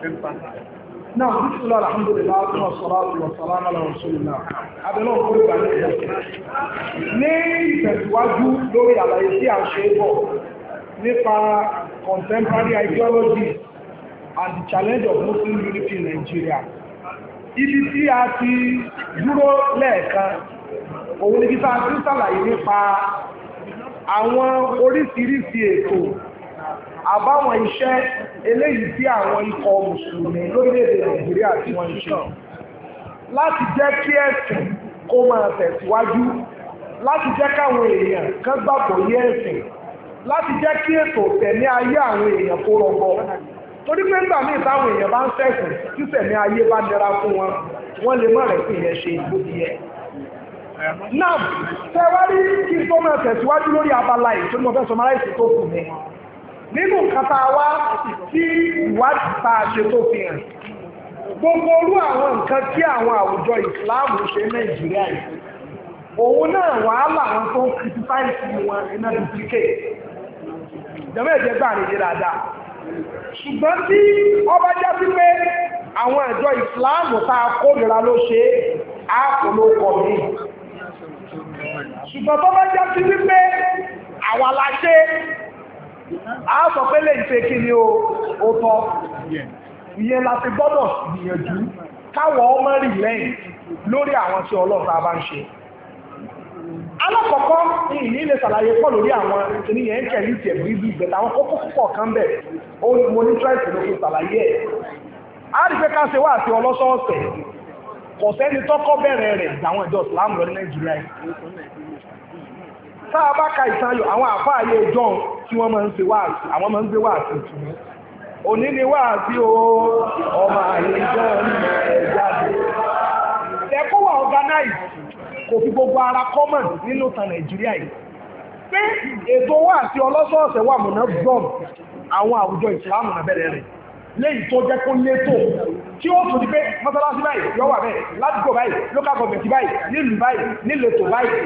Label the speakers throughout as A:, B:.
A: náà bísílá alhamdulillah fún ọ̀sọ̀rọ̀ ọ̀sọ̀rọ̀ àmàlà ọ̀sọ̀rọ̀ abẹ́lọ́ òkú ìgbà ní ìjọba ní ìtẹ̀síwájú lórí àlàyé tí a ṣe bọ̀ nípa contemporary ideology and the challenge of Muslim unity in Nigeria ibi tí a ti dúró lẹ́ẹ̀kan òun ni bí sáà ti ń àbáwọn iṣẹ́ eléyìí tí àwọn ikọ̀ mùsùlùmí lórílẹ̀-èdè nàìjíríà tí wọ́n ń ṣe láti jẹ́ kí ẹ̀sìn kó máa tẹ̀síwájú láti jẹ́ káwọn èèyàn kan gbàgbọ́ yé ẹ̀sìn láti jẹ́ kí ètò tẹ̀mí ayé àwọn èèyàn kó rọgbọ torí pé nígbà míì táwọn èèyàn bá ń ṣẹ̀sìn tí tẹ̀mí ayé bá nira fún wọn wọ́n lè má rẹ̀ sí ìyẹn ṣe ìgbó ti yẹ náà tẹ́wárí kí n tó máa tẹ̀síwájú lórí abala yìí tó ní mo fẹ́ tó kù mi nínú nǹkan tá a wá tí ìwádìí tá a ṣe tó fi hàn gbogbo orú àwọn nǹkan tí àwọn àwùjọ ìsìláàmù ṣe nàìjíríà yìí òun náà wàhálà àwọn tó ń kìtìfáìsì wọn iná duplicate ìjọba ìjẹ gbà nìyí dáadáa ṣùgbọ́n tí ọba jẹ́ sí pé àwọn ìjọ ìsìláàmù tá a kórìíra ló ṣe á kò ló kọ̀ mí ṣùgbọ́n tó bá jẹ́ sí wípé àwa la ṣe a sọ pé lè ṣe kí ni ó tọ́ ìyẹn la ti gbọ́dọ̀ gbìyànjú káwọ̀ ọmọ rì lẹ́yìn lórí àwọn tí ọlọ́ta bá ń ṣe alákọ̀ọ́kọ́ ní ìní lè ṣàlàyé pọ̀ lórí àwọn ènìyàn ń kẹ̀lú ìtẹ̀ bíbí ìgbẹ̀ta àwọn kókó púpọ̀ kan bẹ̀ ó mo ní tíráìsì ló fi ṣàlàyé ẹ̀ a rí pé ká ṣe wá àti ọlọ́sọ̀ọ̀sẹ̀ kò sẹ́ni tọ́kọ́ bẹ̀rẹ̀ rẹ̀ àwọn ìjọ ìsìlámù lọ ní nàìjíríà tá a bá ka ìtayọ̀ àwọn àfáàyè john tí wọ́n máa ń ṣe wáàsí àwọn máa ń gbé wáàsí òní ni wáàsí o ọmọ àyè john mọ ẹ̀já dé ẹ̀kọ́ wà organize kò fi gbogbo ara common nínú ta nàìjíríà yìí pé ètò wáàsí ọlọ́sọ̀ọ̀sẹ̀ wà mọ̀nà gbọ́n àwọn àwùjọ ìsìlámù náà bẹ̀rẹ̀ rẹ̀ léyìí tó jẹ́ kó létò tí ó tún di pé mọ́sálásí báyìí yọ wà bẹ́ẹ̀ ládùúgbò báyìí local government báyìí nílùú báyìí níletò báyìí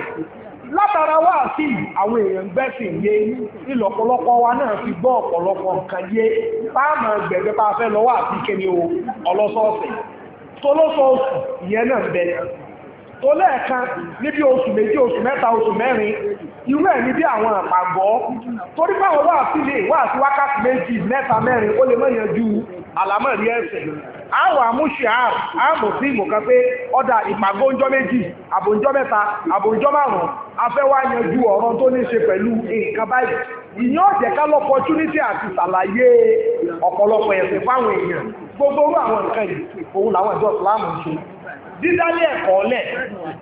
A: látara wá sí àwọn èèyàn gbẹ́sìn yé ìlọ̀pọ̀lọpọ̀ wa náà fi gbọ́ ọ̀pọ̀lọpọ̀ nǹkan yé páàmù gbẹ̀gbẹ́ bá fẹ́ lọ́wọ́ àti kéde o ọlọ́sọ̀ọ̀sẹ̀ tolóṣooṣù ìyẹn náà bẹ tó lẹ́ẹ̀kan níbi oṣù méjì oṣù mẹ́ta oṣù mẹ́rin irú ẹ̀ níbi àwọn àpàgọ́ torí báwọn wá sílé wá sí wákàtí méjì mẹ́ta mẹ́rin ó lè mọ̀ yanjú àlámọ̀rí ẹ̀sẹ̀ àwọn àmúṣe àrùn àmọ̀ sí ìmọ̀kan pé ọ̀dà ìpàgóńjọ́ méjì àbòǹjọ́ mẹ́ta àbòǹjọ́ márùn-ún afẹ́wà yanjú ọ̀rọ̀ tó ní ṣe pẹ̀lú nǹkan báyìí ìyẹn ọ̀jẹ̀ ká lọ́pọ̀túnítì àti ṣàlàyé ọ̀pọ̀lọpọ̀ ẹ̀sìn fáwọn èèyàn gbogbo orú àwọn nǹkan yìí òun làwọn ẹ̀dọ́ ìsìláàmù ń ṣe dídálé ẹ̀kọ́ lẹ̀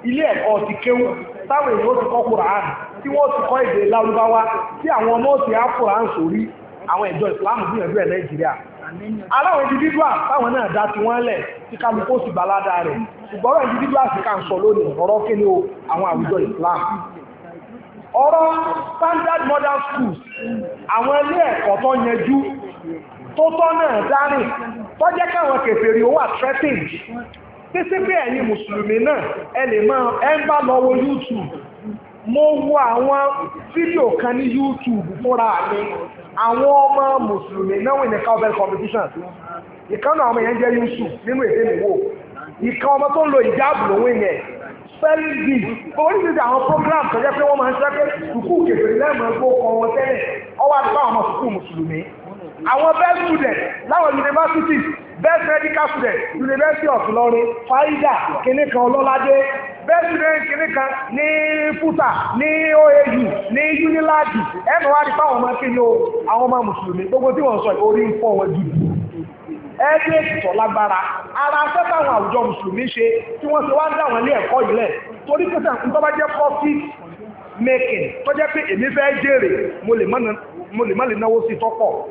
A: ilé ẹ̀kọ́ ti kéwù táwọn èèyàn ó ti kọ́ Kùránì tí wọ́n ti kọ́ èdè Lárúbáwá tí àwọn ọmọ ẹ̀ Nàìjíríà aláwọn individual táwọn náà dá ti wọ́n lẹ̀ tí kálukó sì balada rẹ̀ ṣùgbọ́n ọ̀rọ̀ individual sì kà ń sọ lónìí ọ̀rọ̀ kíni o àwọn àwùjọ Islam ọ̀rọ̀ standard modern schools àwọn ilé ẹ̀kọ́ tó yẹjú tó tọ́ náà dárìn tó jẹ́ káwọn kèfèrí owó àtretin títí pé ẹ̀yin mùsùlùmí náà ẹ lè máa ẹ ń bá lọ wo YouTube mo wo àwọn fídíò kan ní YouTube fúnra mi àwọn ọmọ mùsùlùmí náà wìn ní cowbell competition ìkan náà ọmọ yẹn jẹ́ yusuf nínú èdè mi wò ìkan ọmọ tó ń lo ìjáàbù lòun yẹn spelling bee oríṣiríṣi àwọn program tó jẹ́ pé wọ́n máa ń ṣe pé sùkúù kèfèrè lẹ́ẹ̀mọ́ gbó kan wọn tẹ́lẹ̀ ọwọ́ àti báwọn ọmọ sùkúù mùsùlùmí àwọn best students láwọn universities best medical student University of Ilorin faida kìnní kan ọlọ́ládé best student kìnní kan ní futa ní OAU ní UNILAG ẹnu wá ní fáwọn ọmọ kìnní o àwọn ọmọ mùsùlùmí gbogbo tí wọ́n sọ orí ń fọ́ wọn jù ẹgbẹ́ ìtọ̀ lágbára ara afẹ́ táwọn àwùjọ mùsùlùmí ṣe tí wọ́n ṣe wá ń dá àwọn ilé ẹ̀kọ́ ìlẹ̀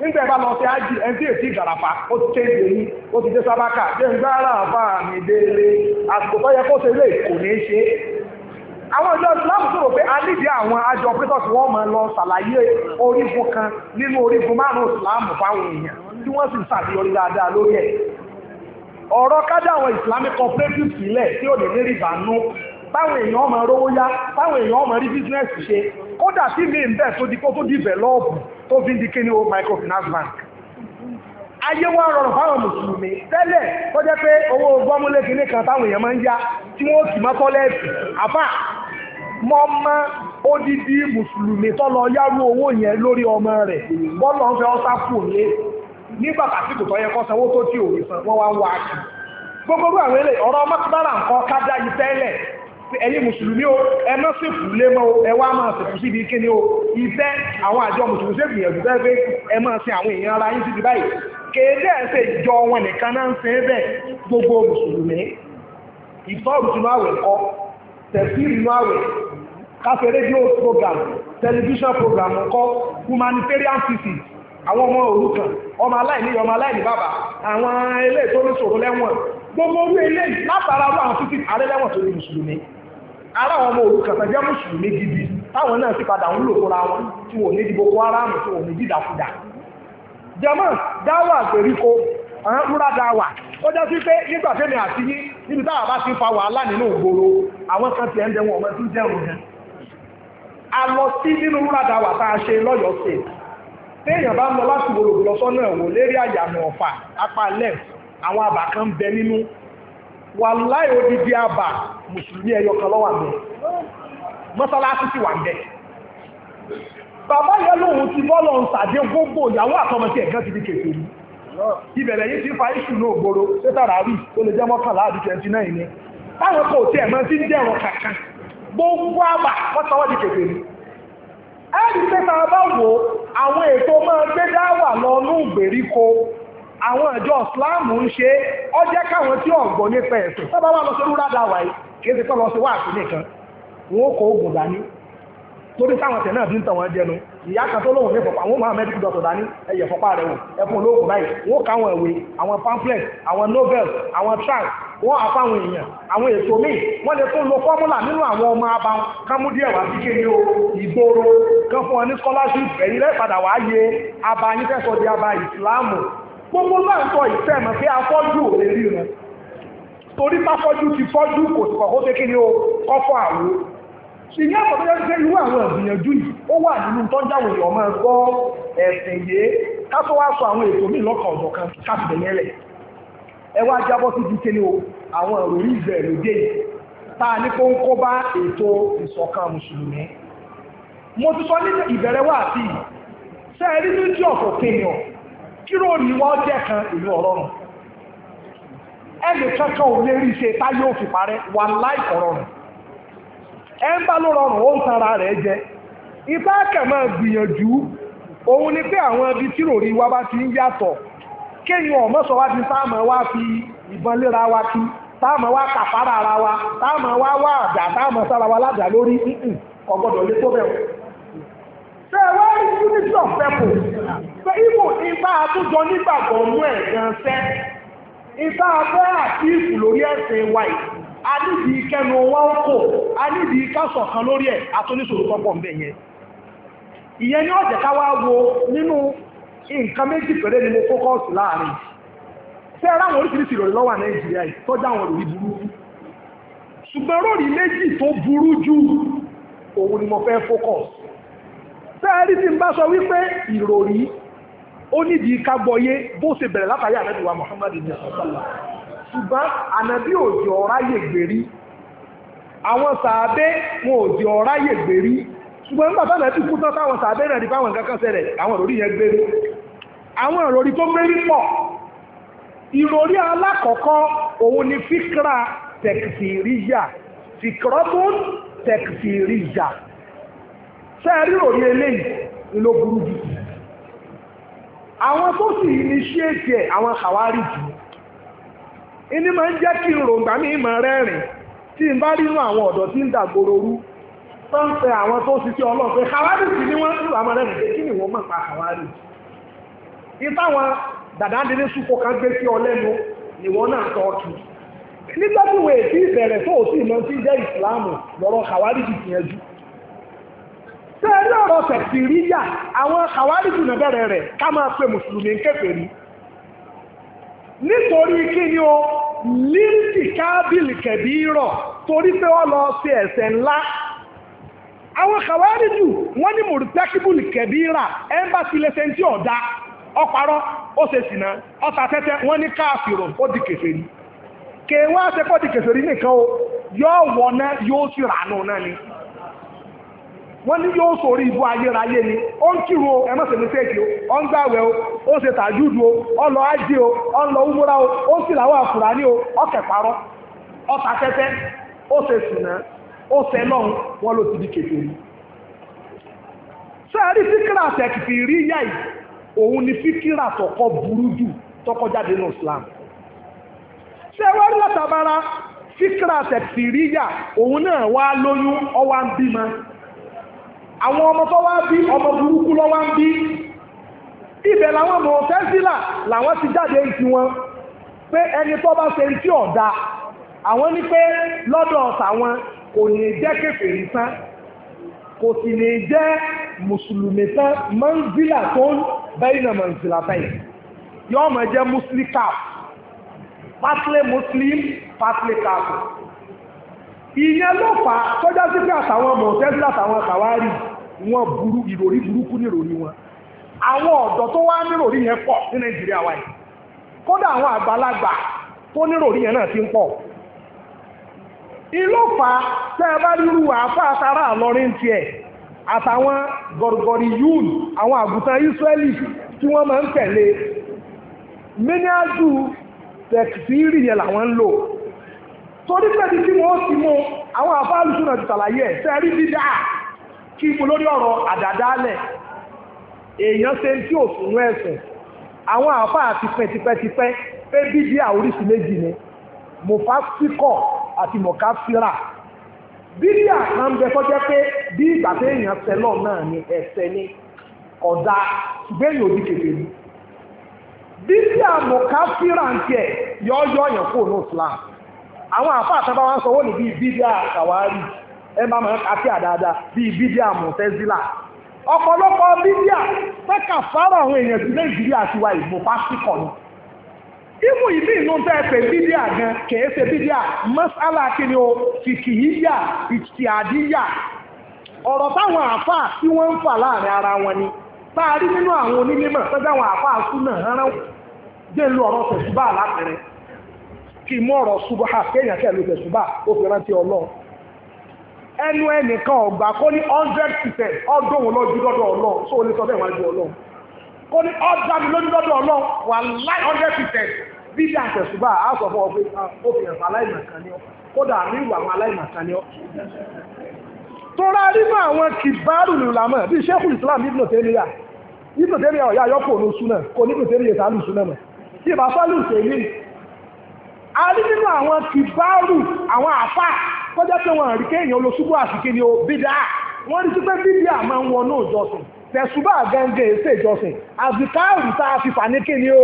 A: nígbà ìbá lọ sí ájì ẹni tí èsì ó ti tẹ́lẹ̀ èyí ó ti dé sábàkà jẹ́ ìgbàrà àbá mi délé àsìkò tó yẹ kó ṣe lè kò ní ṣe. àwọn ìjọ ìsìláàmù tó pé a nídìí àwọn àjọ tí wọ́n máa lọ ṣàlàyé orígun kan nínú orígun márùn-ún ìsìláàmù fáwọn èèyàn tí wọ́n sì ń ṣàbíyọrí dáadáa lórí ẹ̀. ọ̀rọ̀ islamic cooperative sílẹ̀ tí tó fi ń microfinance bank ayé wọn rọrùn fáwọn mùsùlùmí tẹ́lẹ̀ jẹ́ pé owó gbọ́múlé kìíní kan táwọn èèyàn máa ń yá tí wọ́n sì mọ́ àfà mọ́ mọ́ odidi mùsùlùmí owó yẹn lórí ọmọ rẹ̀ bọ́lọ̀ ń fẹ́ ọ́sá nígbà pàtíkù tó yẹ sanwó tó tí òwe gbogbo àwọn eléyìí ọ̀rọ̀ ẹ̀yin mùsùlùmí o ẹ má sèkù o ẹ wá máa sèkù síbi o ìfẹ́ àwọn àjọ mùsùlùmí yẹn ẹ máa sin àwọn èèyàn ara yín síbi báyìí kéde ẹsẹ̀ ìjọ wọn nìkan náà ń gbogbo mùsùlùmí ìtọ́rù sínú àwẹ̀ kọ́ tẹ̀síìrì nínú àwẹ̀ káfẹ́ rédíò program tẹlifíṣàn program kọ́ humanitarian thesis àwọn ọmọ òrukàn ọmọ aláìní ọmọ aláìní bàbá àwọn ilé ìtọ́nisòro lẹ́wọ̀n gbogbo orí ilé látara títí àrẹ́lẹ́wọ̀n tó ara ọmọ òrukàn mùsùlùmí gidi táwọn náà sì padà ń lò fúnra wọn tí wọn ò ní tí wọn ní di dàkúdà dáwà àgbèríko ọ̀rán rúra dáwà ó jẹ́ sí pé nígbà tẹ́mi a lọ sí nínú dáwà a ṣe lọ́yọ̀ọ́ sí bá ń lọ láti lérí àyàmọ̀ ọ̀fà apá àwọn wà láì odidi àbà mùsùlùmí ẹyọ kan lọ́wọ́ àmì mọ́sálásí sì wà ń bẹ̀. bàbá yẹn lòun ti bọ́lọ̀ ń sàdé gbogbo ìyàwó àtọmọtí ẹ̀gán ti di kèfè yìí ibẹ̀rẹ̀ yìí ti fa iṣu náà gbòòrò sétàrà rí ó lè jẹ́ mọ́kànlá àbí twenty ni táwọn kò tí ẹ̀ ti ń dẹ̀rọ kankan gbogbo àbà wọ́n sọ wọ́n di kèfè yìí. ẹ̀rí pé tá a bá wo àwọn ètò máa gbé dáwà lọ ní ìgbèríko àwọn ìjọ ìsìláàmù ń ṣe ọ jẹ́ káwọn tí ọ̀gbọ́ nípa ẹ̀sìn sábà wà lọ sí rúra dà wáyé kì í ṣe pọ́n lọ sí wáàsí nìkan wọn ó kọ oògùn dání torí táwọn tẹ̀ náà fi ń tàn wọ́n jẹnu ìyá kan tó lóhùn ní fọ̀pá àwọn máa mẹ́díkì dọ̀tọ̀ dání ẹ̀yẹ fọ̀pá rẹ̀ wò ẹ̀fún olóògùn báyìí wọ́n ká àwọn ìwé àwọn pamphlet àwọn novel àwọn tracts wọ́n àfáwọn èèyàn àwọn ètò míì wọ́n lè tún lo fọ́múlà nínú àwọn ọmọ abáwọn kámú díẹ̀ wá sí kéde o ìgboro kan fún ọ ní scholarship ẹ̀yìn lẹ́ẹ̀padà wáyé abayín fẹ́ sọ di aba ìsìláàmù gbogbo náà sọ ìfẹ́ mọ̀ pé afọ́jú ò lè ríran torí pápọ́jú ti fọ́jú kò sì kọ̀kọ́ pé kí ni ó kọ́fọ́ àwo ìyá ọ̀pọ̀ tó yẹ irú àwọn ìgbìyànjú yìí ó wà nínú tó ń jáwé èèyàn máa gbọ́ ẹ̀sìn yé ká tó wá sọ àwọn ètò míì lọ́kàn ọ̀dọ̀ kan káàtì bẹ̀lẹ́lẹ̀ ẹ wá jábọ́ sí ti kéde o àwọn ìròyìn ìbẹ̀rù dé yìí tá a ní kó ń kó bá ètò ìṣọ̀kan mùsùlùmí mo ti sọ ní ìbẹ̀rẹ̀ wà sí i sẹ́ẹ̀rí ní tí ọ̀pọ̀ kéèyàn kírò ní wọ́n jẹ́ kan ìlú ọ̀rọ̀rùn ẹnì kankan ò lè rí ṣe táyé ò fi parẹ́ wà láì kọ̀rọ̀rùn ẹ ń bá ló rọrùn ó ń tara rẹ̀ jẹ́. ìfẹ́ kẹ̀mọ́ gbìyànjú òun ni pé àwọn ibi tí ròrí wa bá ti ń yàtọ̀ kéèyàn ọ̀mọ́sọ wá ti sáàmọ̀ wá fi ìbọn léra wa kí táàmọ̀ wá kàfárà ara wa táàmọ̀ wá wá àjà sára wa lájà lórí kò gbọ́dọ̀ lé tó bẹ̀rù ṣe ẹ wá rí unity of purpose ṣe ibo ìgbà àtúnjọ nígbàgbọ́ mú ẹ̀ gan sẹ́ ìgbà abẹ́ àti ìfù lórí ẹ̀sìn wa yìí a níbi ìkẹnu wa ń kò a níbi ìkásọ̀ kan lórí ẹ̀ àtúnṣòro tọ́pọ̀ ń bẹ̀ yẹn ìyẹn ni ọ̀jẹ̀ ká wá wo nínú nǹkan méjì pẹ̀lẹ́ ni mo fókọ́ọ̀sì láàrin ṣé ara àwọn oríṣiríṣi ìròyìn lọ́wọ́ nàìjíríà yìí tọ́jú àwọn ìròyìn burúkú ṣùgbọ́n ròrì méjì tó burú jù òun ni mo fẹ́ fókọ́ọ̀sì sẹ́ẹ̀rí tí ń bá sọ wípé ìròrí ó nídìí ká gbọ́yé bó ṣe bẹ̀rẹ̀ látàrí ànábì wa Muhammad ní ọ̀sánlá ṣùgbọ́n ànábì òjò ọ̀rá yè gbèrí àwọn sàábé wọn òjò ọ̀rá yè gbèrí ṣùgbọ́n nígbà tọ́lẹ̀ tí kú tán táwọn sàábé rẹ̀ rí báwọn kankan ṣẹlẹ̀ àwọn ìròrí yẹn gbèrú àwọn ìròrí tó mérí pọ̀ ìròrí alákọ̀ọ́kọ́ òun ni fíkra tẹ̀kìtìríyà fìkọ́tún tẹ̀kìtìríyà ṣe é ríro ní eléyìí ló burú jù àwọn tó sì ní ṣéèkì ẹ̀ àwọn àwárí jù inú máa ń jẹ́ kí n rògbà ní ìmọ̀ rẹ́rìn tí n bá rínú àwọn ọ̀dọ́ tí ń dàgbòrò rú tó ń pe àwọn tó ṣiṣẹ́ ọlọ́pẹ́ àwárí jù ni wọ́n ń rú àwọn rẹ́rìn pé kí ni wọ́n mọ̀ pa àwárí jù ìtàwọn dàdádéré súnkọ kan gbé sí ọ lẹ́nu náà tọ́ ọ̀tún wọ́n ìbẹ̀rẹ̀ tó ṣé ọ̀rọ̀ tẹ̀sí àwọn kama jùlọ bẹ̀rẹ̀ rẹ̀ ká máa pe mùsùlùmí ń kèfèrí nítorí kí ni o líǹtì kábìlì kẹ̀bí rọ̀ torí pé wọ́n lọ sí ẹ̀ṣẹ̀ ńlá àwọn kàwárí jù wọ́n ní mùrùtẹ́kíbùlì kẹ̀bí rà ẹ̀ńbà sílẹ̀ sẹ́ńtì ọ̀dà ọparọ́ ó ṣe ọta tẹ́tẹ́ wọ́n ní káàfìrò ó di o náà yóò sì rà wọ́n ní yóò sòrí ibú ayérayé ni ó ń kírun o ẹ má ṣe mistake o ó ń gbàwẹ̀ o ó ṣe tàjúdù o ó lọ ájé o ó lọ úmúra o ó sì làwọn àfùrání o ó kẹparọ́ ó ta tẹ́tẹ́ ó ṣe sùnà ó ṣe lọ́hùn wọ́n ló ti di kékeré sẹ́ẹ̀rí fíkìrà tẹ̀kìtì rí yá yìí òun ni fíkìrà tọkọ burú jù tọkọ jáde ní Islam látàbára rí yá òun náà wá lóyún ọwá ń bímọ àwọn ọmọ tó wá bí ọmọ burúkú lọ wá ń bí ibẹ̀ làwọn ọmọ tẹ́sílà làwọn ti jáde ń ti wọn pé ẹni tó bá ṣe ń tí ọ̀dà àwọn ní pé lọ́dọ̀ tàwọn kò ní jẹ́ kèfèrí tán kò sì ní jẹ́ mùsùlùmí tán mọ́ńzílà tó ń bẹ́yìn náà mọ̀nsílà bẹ́yìn yọ́ọ̀mọ̀ jẹ́ muslim cap partly muslim partly cap ìyẹn ló fà á tọ́já sí pé àtàwọn mọ̀tẹ́sí àtàwọn kàwárì wọn burú ìròrí burúkú níròrí wọn àwọn ọ̀dọ́ tó wá níròrí yẹn pọ̀ ní nàìjíríà wáyé kódà àwọn àgbàlagbà tó níròrí yẹn náà ti ń pọ̀ ìlọ́fà tẹ́ ẹ bá rírú àáfà àtàrà àlọ́rin tiẹ̀ àtàwọn gọ̀rọ̀gọ̀rì yún àwọn àgùntàn Ísírẹ́lì tí wọ́n máa ń tẹ̀lé mẹ́niájú tẹ̀kìtì ìrìyẹn làwọn ń lò torí pẹ̀lú tí wọ́n ti mú àwọn àfáàlù súnà ti tàlàyé ẹ̀ sẹ́rí dídá kí ipò lórí ọ̀rọ̀ àdàdálẹ̀ èèyàn ṣe tí ò fún ẹ̀sìn àwọn àfáà ti pẹ́ ti pẹ́ ti pẹ́ pé bíbí àoríṣi méjì ni mọ̀fásíkọ̀ àti mọ̀káfíra bíbí àkànbẹ jẹ́ pé bí ìgbà tí èèyàn sẹ́lọ̀ náà ni ẹ̀sẹ̀ ni ọ̀dà gbẹ̀yìn òdì kèfè ni bíbí àmọ̀káfíra ń tiẹ̀ yọ́ yọ́ yẹn fóònù Islam àwọn àfá àtàbá wọn sọ wọ́n ní bíi bídíà kàwárì ẹ bá mọ̀ kà àdáadáa bíi ọ̀pọ̀lọpọ̀ bídíà pẹ́kà fárọ̀ àwọn èèyàn sí nàìjíríà ti wa ìbò pásítọ̀ ni ìmú ìbí inú tẹ́ pé gan kèé ṣe mọ́sálà kìíní o ara wọn ni táàrí nínú àwọn àwọn àfá jẹ́ ọ̀rọ̀ tẹ̀síbà kí mú ọ̀rọ̀ ṣubá kéèyàn kẹ́ ló fẹ́ ṣubá ó fi rántí ọlọ́run ẹnu ẹnìkan ọgbà kó ní hundred percent ọdún òun lójú lọ́dọ̀ ọlọ́run tó o lè sọ bẹ́ẹ̀ wájú ọlọ́run kó ní ọjà mi lójú lọ́dọ̀ ọlọ́run wà láì hundred percent bíbí àtẹ̀ṣubá á sọ fún ọ pé ah, ó fi ẹ̀fà aláìmọ̀kan ni ọ kódà ní ìwà àwọn aláìmọ̀kan ni ọ. tọ́ra nínú àwọn kìbárù lùlámọ̀ bíi sẹ́kù Islam ibùdó tẹ́lẹ̀yà ibùdó tẹ́lẹ̀yà ọ̀yá ayọ́kùnrin sunà kò ní ibùdó tẹ́lẹ̀yà sálù sunà mọ̀ tí ìbá sálù a rí nínú àwọn kìbáàrù àwọn àfà kọjá pé wọn àríkẹ́ èèyàn olóṣùgbò àṣìkè ni ó bídà wọ́n rí pípẹ́ bíbí àmọ́ ń wọnú ìjọsìn tẹ̀sùbà gẹ́gẹ́ èsè ìjọsìn àbíkáàrù tá a fi fàníkè ni ó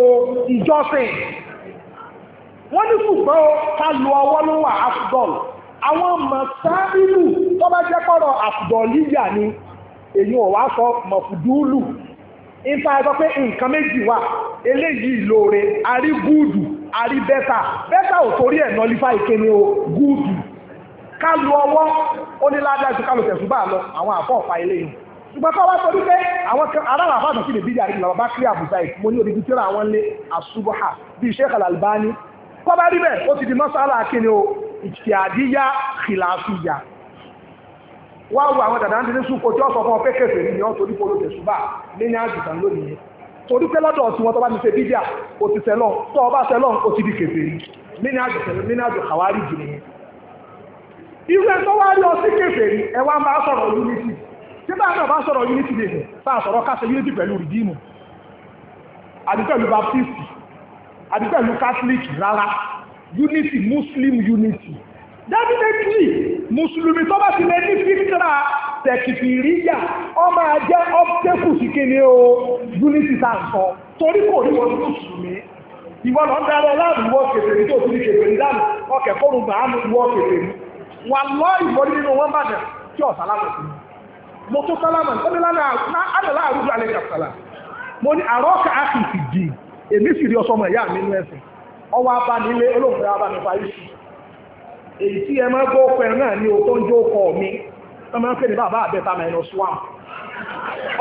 A: ìjọsìn wọ́n ní ṣùgbọ́n ká lu ọwọ́ ló wà áfùdọ́ọ̀lù àwọn mọ̀sáìlù tó bá jẹ́ kọ́rọ̀ àfùdọ́ọ̀lù yà ni èyí ò wá sọ mọ̀fùdúùlù ìta ẹ̀sọ́ pé nǹkan méjì wà eléyìí lóore a rí gúùdù a rí bẹ́tà bẹ́tà ò torí ẹ̀ nọlífà ìkéni o gúùdù ká lu ọwọ́ ó ní ládàá ju ká lu tẹ̀sùbà lọ àwọn àfọ̀ ọ̀fà eléyìí ṣùgbọ́n káwá sọ wípé àwọn aráàlú àfáàdà sí lè bí yàrá ìlànà bá kírí àbùsà ẹ̀ mo ní òdìdí tí ó àwọn lé àṣùbọ̀hà bíi Sheikh Al-Albani kọ́bá rí bẹ́ẹ̀ ó ti di mọ́sálà kíni o ìtìyàdíyà kìláàfíyà wá wo àwọn dàdá ń dín ní sùkò tí ó sọ fún ọ pé kẹfẹ́ ní ọ torí polo tẹ̀sùbà ní ní àjùtàn lónìí torí pé lọ́dọ̀ tí wọ́n tó bá ti ṣe bídíà ó ti sẹ́lọ̀ tó ọba sẹ́lọ̀ ó ti di kẹfẹ́ unity tí bá náà bá sọ̀rọ̀ unity unity pẹ̀lú rìdíìmù baptist àbí pẹ̀lú catholic rárá unity muslim unity definitely mùsùlùmí tó bá ti lè ní fíkra tẹ̀kìfìríyà ọ máa jẹ́ ọ́pẹ́kù sí o unity tá à ń sọ torí kò rí wọn mùsùlùmí lọ ń tó ti kèfèrí láàmú ọkẹ fọrọ bàámu wọ kèfèrí wà lọ ìwọ nínú wọn bàdàn tí ọ̀sán láàmú sí mo tó ní àdàlá àrùjọ alẹ́ mo ní àrọ́kà dì èmi sì rí mi èyí tí ẹ máa gbọ́ ọkọ̀ ẹ̀ náà ń jó ọkọ̀ mi wọ́n máa ń pè ní bàbá àbẹ́ta minus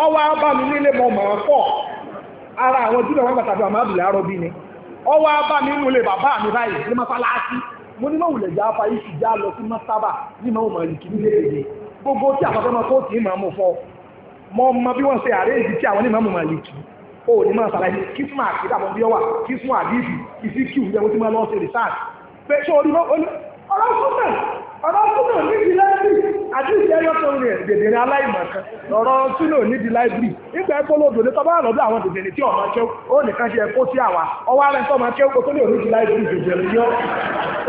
B: ọwọ́ abá mi nílé mọ màá
A: ara àwọn júlọ wọn pàtàkì àmọ́ àbùlé arọ bí ni ọwọ́ abá mi bàbá mi báyìí ní mọ́sálásí mo ní mọ̀wùlẹ̀ apá yìí sì já lọ sí mọ́sábà ní gbogbo máa bí máa ọ̀rọ̀ súnmọ̀ ọ̀rọ̀ súnmọ̀ nídìí láìbírì àti ìṣe ẹyọkan rẹ̀ dèdèrè aláìmọ̀kan ọ̀rọ̀ súnmọ̀ nídìí láìbírì nígbà ẹ̀kọ́ lóòdò ní tọ́ba àlọ́dọ̀ àwọn dèdèrè tí ọ̀ma kẹ́ ó nìkan ṣe ẹ̀kọ́ sí àwa ọwọ́ ara ẹ̀kọ́ máa kẹ́ ó tó lè onídìí láìbírì dèdèrè yọ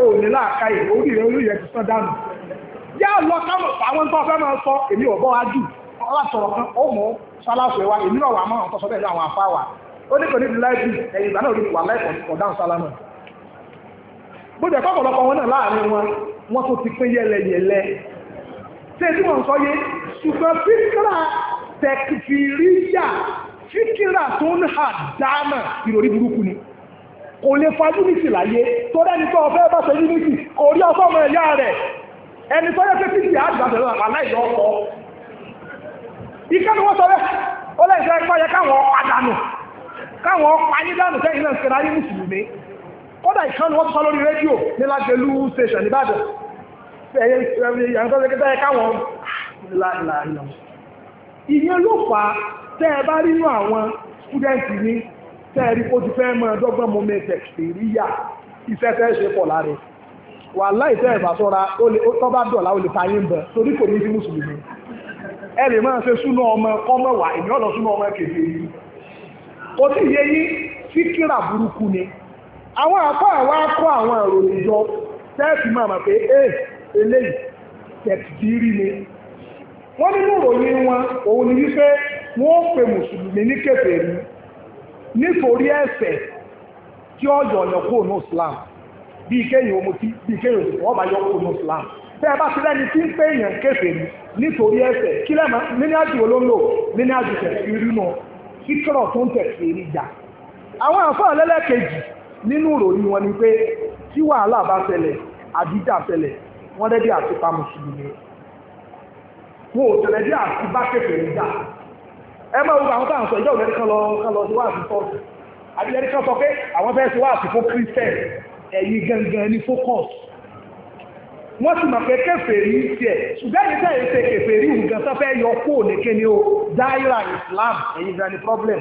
A: ó ní láàkáyè orí rẹ̀ orí rẹ̀ ti sán dànù. yá lọ kámọ̀ àwọn tó fẹ́ máa sọ èmi ò bọ́ wá jù ọlátọ̀rọ̀ kan ó mọ̀ sálásù ẹ̀wà èmi náà wà mọ́ àwọn tó sọ bẹ́ẹ̀ ní àwọn àfáwà ó ní kò ní láìbírì ẹ̀yìn ìgbà náà rí wà láìpọ̀ dáhùn sálámù bó jẹ́ kọ́kọ̀lọpọ̀ wọn náà láàrin wọn wọ́n tó ti pín yẹlẹyẹlẹ tí èdè wọn sọ yé ṣùgbọ́n fíkírà tẹkìfìríyà fíkírà tó ń hà dáàmà ìròrí burúkú ni kò lè fa unity láyé tó dẹ́ni tó ọ̀fẹ́ bá ṣe unity kò rí ọkọ̀ ọmọ ẹ̀yà rẹ̀ ẹni tó yẹ pé fíkì àgbàṣẹ lọ àpá láì lọ́kọ̀ ìkẹ́ni wọ́n sọ rẹ̀ ó lẹ́yìn tó yẹ káwọn ọ̀padànù káwọn ọ̀pá yín kódà ìkànnì wọ́n sọ lórí rédíò ní lágbèlú station Ìbàdàn ẹ̀yẹ ìyàntọ́sẹ̀kẹ́tà ẹ̀ká wọn láàrín ìyẹn ló fà á tẹ́ ẹ bá rínú àwọn stúdẹ̀ntì ní tẹ́ ẹ rí kó ti fẹ́ mọ́ ọdọ́gbọ́n moment experience iṣẹ́ tẹ́ ṣe pọ̀ láre wà láì tẹ́ ẹ̀bà sọ́ra tó bá dọ̀lá ó lè ta yín bẹ̀ torí kò ní sí mùsùlùmí ẹ lè máa ṣe súná ọmọ kọ́mọ̀wà èmi ọ̀dọ̀ súná ọmọ kèfèrí yìí kò sí iye yín fíkìrà burúkú ni àwọn àpá àwa kọ́ àwọn àròyìn jọ sẹ́ẹ̀tì máa mà pé ẹ eléyìí tẹ̀kìdírí ni wọ́n nínú ìròyìn wọn òun ni wípé wọ́n pe mùsùlùmí ní kèfèrí nítorí ẹ̀ṣẹ̀ tí ó yọ ọ̀yàn kúrò ní Islam bíi kéèyàn omotí bíi kéèyàn òsìkò ọba yọ kúrò ní Islam tẹ́ ẹ bá ti lẹ́ni tí ń pé èèyàn kèfèrí nítorí ẹ̀ṣẹ̀ kí lẹ́mọ̀ níní àjò olóńlò níní àjò tẹ̀sírí nù kíkọ́rọ̀ tó ń tẹ̀sírí jà àwọn àfọ́ àlẹ́lẹ́kejì nínú ìròyìn wọn ni pé tí wàhálà bá ṣẹlẹ̀ àbíjà ṣẹlẹ̀ wọ́n rẹ́dí àti pa mùsùlùmí wọn ò tẹ̀lẹ̀ dí àti bá kẹfẹ́ níjà ẹ máa wo àwọn táwọn sọ ìjọ òlẹ́rí kan lọ kan lọ sí wáàsí tọ́ọ̀sì àbílẹ́rí kan sọ pé àwọn fẹ́ sí wáàsí fún Christian ẹ̀yin gangan ní focus wọ́n ti mọ̀ pé kèfèrí tiẹ̀ ṣùgbọ́n ẹni tẹ́yìn ṣe kèfèrí nǹkan tó fẹ́ yọ kó nìkéni o dáírà Islam ẹ̀yin gan ni problem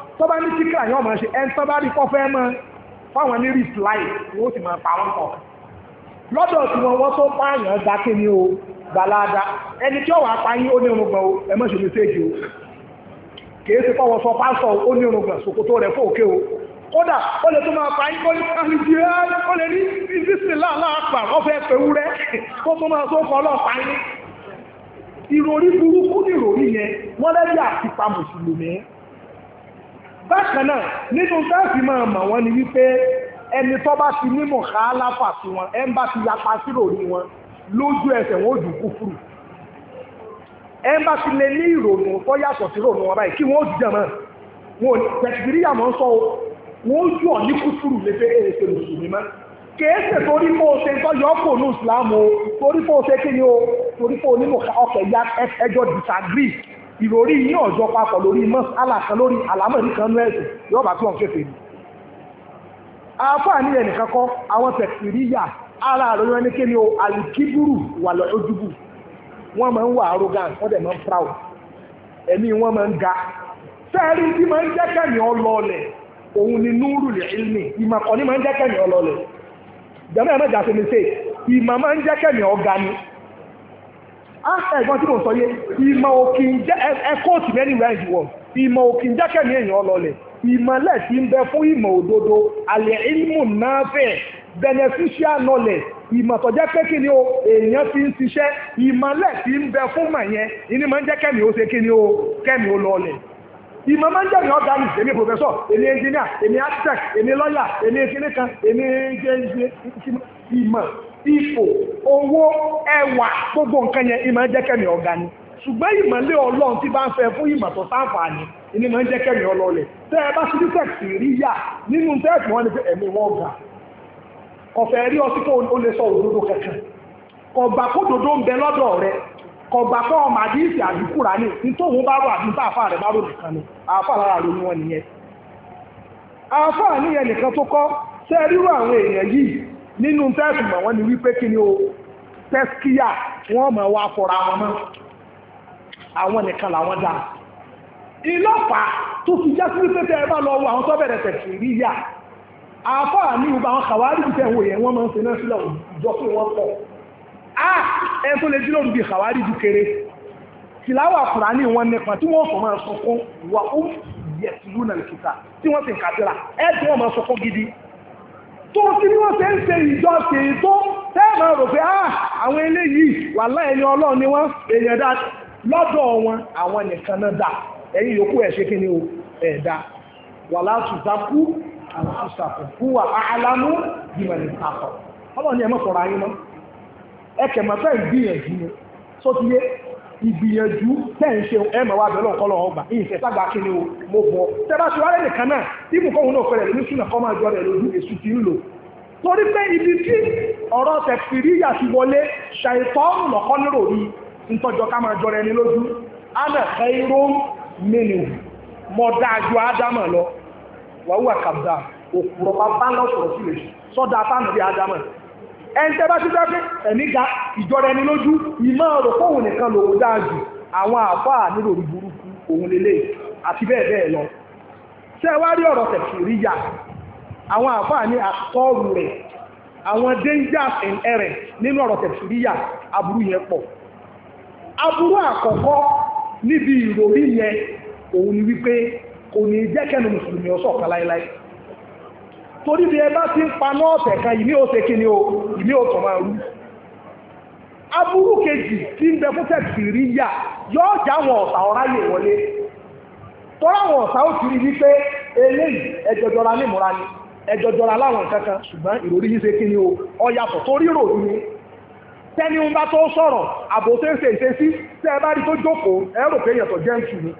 A: tó bá ní tíkà yóò máa ṣe ẹni tó bá rí kọ́ fẹ́ mọ́ fáwọn ní rí fly ni ó sì máa pa wọn kọ̀ lọ́dọ̀ tí wọn wọ́n tó pààyàn gba kí ni o gbàláàdá ẹni tí ọ̀wà apáyín ó ní orungbọ̀n o ẹ má ṣe ní séèjì o kìí ṣe pọ́wọ́ sọ pásọ̀ ó ní orungbọ̀n ṣòkòtò rẹ̀ fòkè o kódà ó lè tó máa pààyín kó ní àlùjì ó lè ní ìsísì láàlápà ọ̀fẹ́ pẹ̀wúrẹ́ kó tó máa tó bákan náà nínú táàfì máa mọ̀ wọ́n ni wípé ẹni tó bá ti nímọ̀ káàláfà sí wọn ẹ ń bá ti yapa sírò ní wọn lójú ẹsẹ̀ wọn ò dùn kúfùrù ẹ ń bá ti lè ní ìrònú tó yàtọ̀ sí ìrònú wọn báyìí kí wọn ó jẹ mọ́ wọn ò pẹ̀tìrì àmọ́ sọ wọn ó jù ọ́ ní kúfùrù lépe èsè mùsùlùmí mọ́ kèése torí fó o ṣe tọ́jú ọkọ̀ ní ìsìlámù o torí fó o ṣe kí ni o torí fó o ọkẹ̀ ya ẹjọ́ disagree ìròrí ní ọ̀jọ́ papọ̀ lórí mọ́sálà kan lórí àlámọ̀rí kan nú ẹ̀sìn yóò bá tí wọ́n ní ẹnìkan kọ́ àwọn tẹ̀síríyà ara àròyìn ẹni o alikiburu wà lọ́jọ́bù wọ́n máa ń wà arrogant wọ́n dẹ̀ máa ń proud ẹ̀mí wọ́n máa ń ga tí máa ń jẹ́kẹ̀mí ọlọ́ọ̀lẹ̀ òun ni núrù ilmi Ah, ẹ̀gbọ́n tí kò sọ yé ìmọ̀ òkè ń jẹ́ ẹ̀kọ́ọ̀tì mẹ́rin wẹ́ẹ̀ yìí wọ̀ ìmọ̀ òkè ń kẹ́mi èèyàn ìmọ̀lẹ̀ ń bẹ fún ìmọ̀ òdodo àlẹ́ náà fi ń ṣiṣẹ́ ìmọ̀lẹ̀ ti ń bẹ fún yẹn ìní máa ń jẹ́ kẹ́mi ó ṣe kí ni o kẹ́mi ó ìmọ̀ máa ń jẹ́ mi ọ̀gá mi èmi Ifo owó ẹwà gbogbo nǹkan yẹn ìmọ̀ jẹ́ ọ̀gá ni ṣùgbọ́n ìmọ̀lẹ́ ọlọ́run tí bá ń fẹ́ fún ìmọ̀ tó sáǹfààní ìní máa ń ọlọ́ọ̀lẹ̀ tẹ́ ẹ bá ṣubú tẹ̀sí rí yà nínú tẹ́ẹ̀tì wọn ni ẹ̀mí wọn gà rí ọtí lè sọ òdodo kankan kọ̀gbà kó dodo ń bẹ lọ́dọ̀ rẹ kọ̀gbà ọmọ ní nínú tẹ́ẹ̀sì mọ̀ wọ́n ni wípé kí ni o tẹ́skíyà wọ́n mọ̀ wá fọ́ra wọn mọ́ àwọn nìkan làwọn dá ìlọ́pàá tó fi já sí wípé tẹ́ ẹ bá lọ wọ àwọn tó bẹ̀rẹ̀ tẹ̀sì rí yà àfáà ní ìgbà àwọn kàwárí tẹ́ wọ yẹn wọ́n máa ń ṣe náà sílẹ̀ òjò pé wọ́n pọ̀ á ẹ tó lè dúró níbi kàwárí ju kéré tìláwà kùránì wọn nípa tí wọ́n kò máa sọkún wà ó yẹ̀ tìlú nàìjíríà tí wọ́n sì ń kàtìrà ẹ tí wọ́n máa sọkún gidi tó sí ní wọ́n ṣe ń ṣe ìjọsìn tó tẹ́ẹ̀mà rò pé ah, àwọn eléyìí wà láìní ọlọ́run ni wọ́n èèyàn dá lọ́dọ̀ wọn àwọn nìkan náà dá ẹ̀yìn yòókù ẹ̀ ṣe kí ni o wà látùsákú àtùsàkùkú wà ìgbìyànjú tẹ́ǹṣe ẹ̀mọ̀ wa bẹ̀rẹ̀ ọ̀kọ́ lọ́wọ́ gbà ìṣẹ̀ sábà kí ni mo bọ̀ tẹ́bá ṣe wáré nìkan náà tí mo kọ́ òun náà fẹ́rẹ̀ lórí súnà kọ́mọ ìjọ rẹ̀ lójú èṣù ti ń lò torí pé ibi tí ọ̀rọ̀ tẹ̀síríyà ti wọlé ṣàìtọ́ lọ́kọ́ níròrí ntọ́jọ́ ká máa jọra ẹni lójú ana kairo menu mọ̀ dájú ádámà lọ wàhùwà kàbdà òkùrọ̀ bàbá ńlá òkùrọ̀ sílẹ̀ sọ́dà fáànù bí ádámà ẹni tẹ́ bá ti fẹ́ pé ẹ̀mí ga ìjọra ẹni lójú ìmọ̀ ọ̀rọ̀ fóun nìkan lòun dáa jù àwọn àfáà nílò orí burúkú òun lélẹ̀ àti bẹ́ẹ̀ bẹ́ẹ̀ lọ ṣé ẹ wá rí ọ̀rọ̀ tẹ̀síríyà àwọn àfáà ní àtọ́rù rẹ̀ àwọn dangers and errors nínú ọ̀rọ̀ tẹ̀síríyà aburú yẹn pọ̀ aburú àkọ́kọ́ níbi ìròrí yẹn òun ni wípé kò ní jẹ́kẹ́nu mùsùlùmí ọ̀sọ̀ ọ̀kan láéláé torí bí ẹbá ti ń paná ọ̀tẹ̀ kan ìmí ò tẹ́kí ni o ìmí ò tọ̀mọ̀ rú aburú kejì tí ń bẹ fún tẹ̀sì rí yà yóò já wọn ọ̀tà ọ̀ráyè wọlé tọ́ra wọn ọ̀tà ó ti rí wípé eléyìí ẹjọjọra nímúra ni ẹjọjọra láwọn nǹkan ṣùgbọ́n ìròrí yìí ṣe kí ni o ọyàtọ̀ torí ròrí ni tẹ́ni ń bá tó sọ̀rọ̀ àbò tó ń ṣe ìṣesí tẹ́ ẹ bá rí tó jókòó ẹ rò pé èèyàn jẹ́ ń tù ní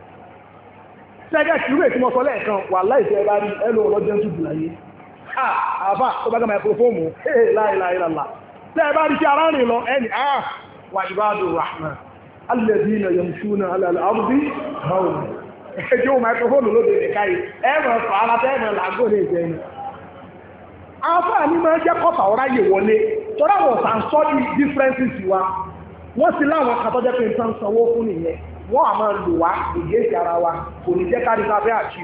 A: sẹ́gẹ̀ẹ́sì rú ètí mo sọ lẹ́ẹ̀kan wà láìsí ẹ bá rí ẹ lóun lọ ń tù jù láyé Ah, àbá tó bá gẹ́mà ẹ̀kọ́fóòmù láìláìlàlá lẹ́ẹ̀bá rí sí ara rìn lọ ẹni àà wà ìbádù rahman alladhina yamshuna ala al-ardi hauna ẹjọ́ microphone lóde nìkáyì ẹ̀rọ sọ ara tẹ́ẹ̀mọ̀ làgọ́ lè jẹ́ ni afọ́ àní máa jẹ́ kọ́pà ọ̀rá yè wọlé tọ́lá wọ̀ differences wa wọ́n sì láwọn katọ́jẹ́ pé nǹkan sanwó fún nìyẹn wọ́n àmọ́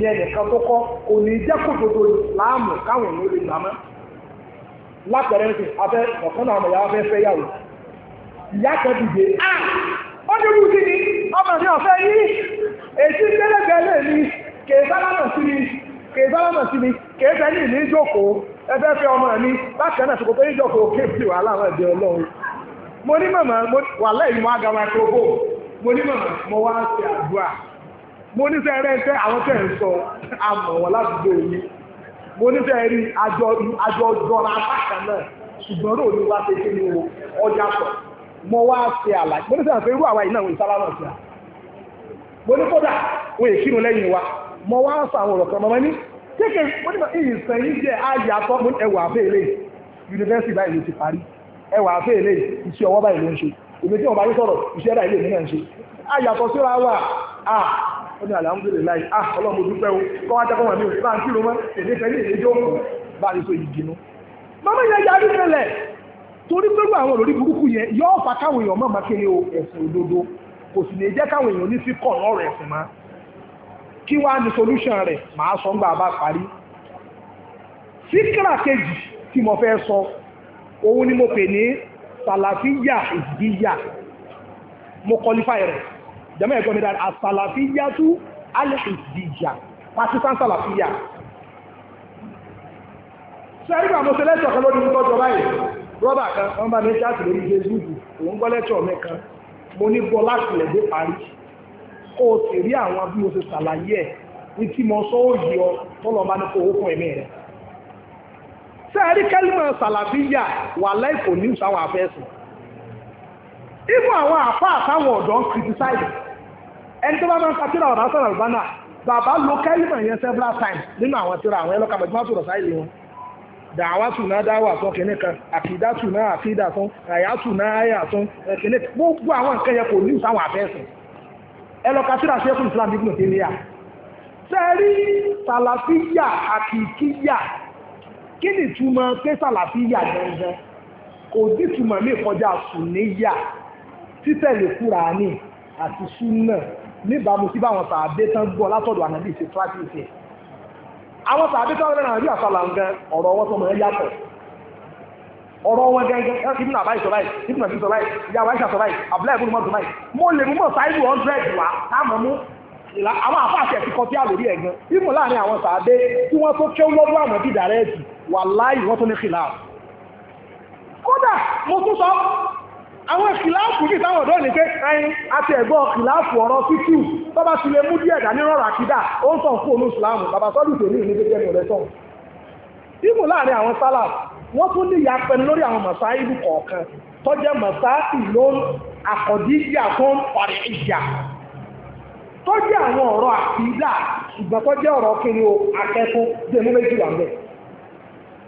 A: ìyẹn nìkan tó kọ́ kò ní jẹ́ kòtòdó láàmù káwọn èèyàn lè gbà ń sìn ọ̀kan náà ọmọọyà fẹ́ yàwó ìyá ó ní ọmọ mi ọ̀fẹ́ yìí èsì gbẹlẹgbẹlẹ mi kèé sí mi sí mi ní ìlú ìjókòó fẹ́ ọmọ mi bákan náà sọ̀kọ̀ tó ìjókòó kéèpì wàhálà àwọn ẹ̀dẹ̀ ọlọ́run mo ní màmá wàhálà àgàmà mo ní mo wá àdúrà mo nífẹ̀ẹ́ rẹ̀ tẹ́ àwọn tẹ́ ń sọ àmọ̀ wọn ládùúgbò yìí mo nífẹ̀ẹ́ rí àjọ jọra apákan náà ṣùgbọ́n rò ní wá ṣe kí ni ọjà sọ mo wá ṣe àlàyé mo nífẹ̀ẹ́ fẹ́ irú àwa yìí náà wọ́n sábà náà sí à mo ní kódà wọ́n èkí nu lẹ́yìn wa mo wá sọ àwọn ọ̀rọ̀ kan mọ́ ní kéèké mo ní ìsìn yìí jẹ́ ààyè atọ́ ẹwà àfẹ́lẹ́ yunifásitì báyìí ló ti ó ní alhamdulillah ah ọlọ́run mo dúpẹ́ o kọ́ wá tẹ́kọ̀ọ́ mi bá ń kí ló mọ́ èdè kan ní èdè yóò kù bá a lè so ìdì nu. mama yẹn yarí tẹ́lẹ̀ torí pẹ̀lú àwọn olórí burúkú yẹn yóò fa káwọn èèyàn mọ̀ kéré o ẹ̀sìn òdodo kò sì ní jẹ́ káwọn èèyàn ní sí kọ̀ lọ́rọ̀ ẹ̀sìn mọ́ kí wá ní solution rẹ̀ màá sọ ńgbà bá parí. síkírà kejì tí mo fẹ́ sọ òun ni mo pè ní sàlàfíyà ìdíyà jẹ́mọ́ ẹ̀kọ́ mi dára àsàlàfíyà tú alẹ́sìdìjà pakistan sàlàfíyà sẹ́ríkà mo ṣe lẹ́tọ̀ kan lórí tọ́jọ báyìí rọ́bà kan wọ́n bá mi ṣáàtì lórí facebook òun gbọ́ lẹ́tọ̀ mi kan mo ní gbọ́ láti lẹ̀ dé parí kó o sì rí àwọn bí mo ṣe ṣàlàyé ẹ̀ ní tí mo sọ òyì ọ tọ́lọ́ bá ní kó owó fún ẹ̀mí rẹ̀ sẹ́ríkà lè mọ̀ sàlàfíyà wà láìpò ní ìṣàwọn àfẹ́sùn ìfún àwọn àpá àtàwọn ọ̀dọ́ ń criticize ẹni tó bá máa ń ka tíra ọ̀dà sọ̀rọ̀ àlùbánà bàbá lo kẹ́lìmọ̀ yẹn several times nínú àwọn tíra àwọn ẹlọ́ka mọ̀júmọ́ sọ̀rọ̀ sáìlì wọn dàwa tùnà dáwà tó kìnnì kan àkìdá tùnà àfídà tún àyà tùnà àyà tún kìnnì gbogbo àwọn nǹkan yẹn kò ní ìsáwọn àfẹ́sìn ẹlọ́ka tíra ṣẹ́kùn Islam ibn tèmíyà sẹ́rí sàlàfíyà àkìkíyà kí ni ìtumọ̀ pé sàlàfíyà gangan kò sí ìtumọ̀ mi kọjá sùnìyà títẹ̀lé Kùránì àti súnà níbàámu sí báwọn sàbẹ́ tán gbọ́ látọ̀dọ̀ ànábì ṣe practice ẹ̀ àwọn sàbẹ́ tán rẹ̀ nàìjíríà sọ̀là nǹkan ọ̀rọ̀ wọn tó mọ̀ ẹ́ yàtọ̀ ọ̀rọ̀ wọn gẹ́gẹ́ ibùdó àbáyé sọ báyìí ibùdó àbí sọ báyìí ìyá àbáyé sọ báyìí àbúlá ìbùdó mọ́tò báyìí mo lè mú mọ̀ sáìlù hundred wá táàmù mú ìlà àwọn àfáàṣẹ ti kọtí àlòrí ẹ̀gan ìmọ̀ láàrin àwọn sàádé tí wọ́n tó kéwú lọ́dún àwọn bíi dàrẹ́ẹ̀tì wà láì wọ́n tó ní kìlá kódà mo tún sọ àwọn kìláàfù ní ìtàwọn ọ̀dọ́ ní pé ẹyin àti ẹ̀gbọ́ kìláàfù ọ̀rọ̀ fífíù tó bá ti lè mú díẹ̀ dání rọrọ̀ àkídà ó ń sàn fún olùsùlámù bàbá sọ́dún tèmi ní gbẹgbẹ́ mi rẹ̀ sàn. ibù láàrin àwọn sálà wọ́n tún ní ìyá pẹnu lórí àwọn màsá ibù kọ̀ọ̀kan tó jẹ́ màsá ìlò àkọ́dí ìyá tó ń parí ìjà tó jẹ́ àwọn ọ̀rọ̀ àkídà ṣùgbọ́n tó jẹ́ ọ̀rọ̀ kiri o akẹ́kọ̀ọ́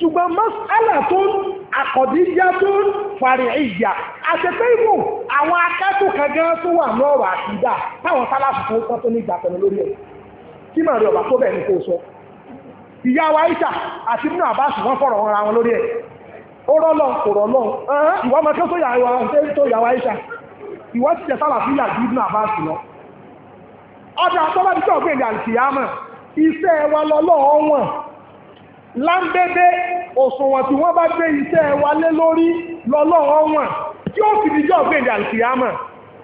A: ṣùgbọ́n mọ́sálà tó ń àkọ̀díjá tó ń fàrí ìyà àtẹ́fẹ́ ìbò àwọn akẹ́kọ̀ọ́ kankan tó wà lọ́rọ̀ àtìdá táwọn sálàfù tó kọ́ tó ní ìgbàtẹ̀lẹ̀ lórí ẹ̀ kí màá rí ọ̀bà tó bẹ̀ ní kó sọ ìyá wa ìṣà àti ibùnú àbáṣù wọn fọ̀rọ̀ wọn ra wọn lórí ẹ̀ ó rọ́lọ́ kò rọ́lọ́ ìwọ́n mọ̀ tó yà wa ìṣà ìwọ́n ti tẹ̀ sálàfù ìyà ju ibùnú àbáṣù lọ ọjà tó bá ti tẹ̀ ọ̀gbìn ìdàlùkìyàmọ̀ iṣẹ́ wa lọ́lọ́ ọ̀wọ̀n lámbẹ́dẹ́ òṣùwọ̀n tí wọ́n bá gbé iṣẹ́ wa lé lórí lọ́lọ́wọ́ wọn tí ó fi díjọ́ gbèdè àlùkìyàmà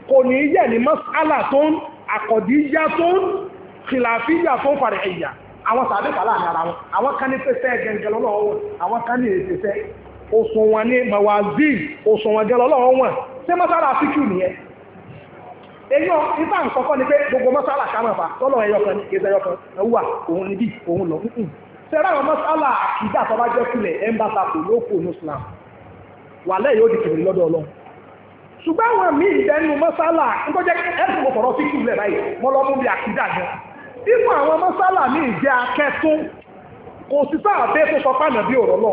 A: kò ní í yẹ̀ ní mọ́sálà tó ń àkọ̀díyá tó ń kìláfíyà tó ń farẹ̀ ẹ̀yà àwọn sàbẹ̀ pàlà ní ara wọn àwọn kan ní pẹ́sẹ́ gẹ̀ǹgẹ̀ lọ́lọ́wọ́ wọn àwọn kan ní èsẹ̀sẹ̀ òṣùwọ̀n ní mawazi òṣùwọ̀n gẹ̀ lọ́lọ́wọ́ wọn ṣé mọ́sálà fíkù nìyẹn èyí ìfà nǹkan kọ́ ni pé gbogbo mọ́sálà kàmọ̀fà tọ́lọ̀ ẹyọkan ìgbẹ́yọkan ẹwà òun níbí òun lọ sẹ́rà ọmọ mọ́sálà àkìdá tó jẹ́ kulẹ̀ Islam wà lẹ́yìn òdì kìrì lọ́dọ̀ Ọlọ́run ṣùgbọ́n àwọn míì dẹnu mọ́sálà nígbọ́jẹ́ ẹ̀sùn kò fọ̀rọ̀ sí kìrì lẹ̀ báyìí mọ́ bí àkìdá àwọn mọ́sálà mi jẹ́ akẹ́tún kò tó sọ ọ̀rọ̀ lọ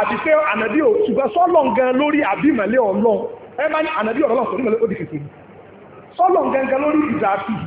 A: àti pé ànàbí ò ṣùgbọ́n sọ́lọ̀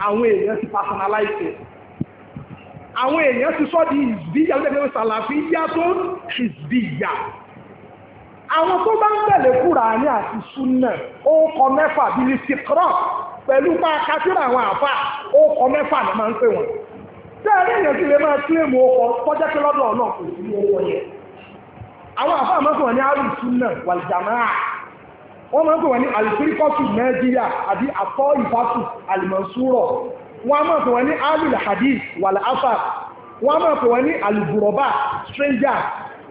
A: àwọn èèyàn ti personalize àwọn èèyàn ti sọ di ìsbíyà lẹ́gbẹ̀ẹ́ sàlàfíyà tó ìsbíyà àwọn tó bá ń tẹ̀lé Kùránì àti súnà ó kọ mẹ́fà bí i sikro pẹ̀lú pa kátírà àwọn àfà ó kọ mẹ́fà ni máa ń pè wọ́n tẹ́ẹ̀rí èèyàn ti lè máa tún èmò ọkọ̀ tọ́jẹ́ pé lọ́dọ̀ náà kò sí owó yẹn àwọn àfà àmọ́sùn wọn ní àrùn súnà wàlìjàmáà wọ́n máa ń pè wọ́n ní alifirikọ́tù mẹ́díyà àbí àtọ́ ìfàtù alìmọ̀súrọ̀ wọ́n máa pè wọ́n ní alul hadith wàlá afa wọ́n máa pè wọ́n ní alùbùrọ̀bà stranger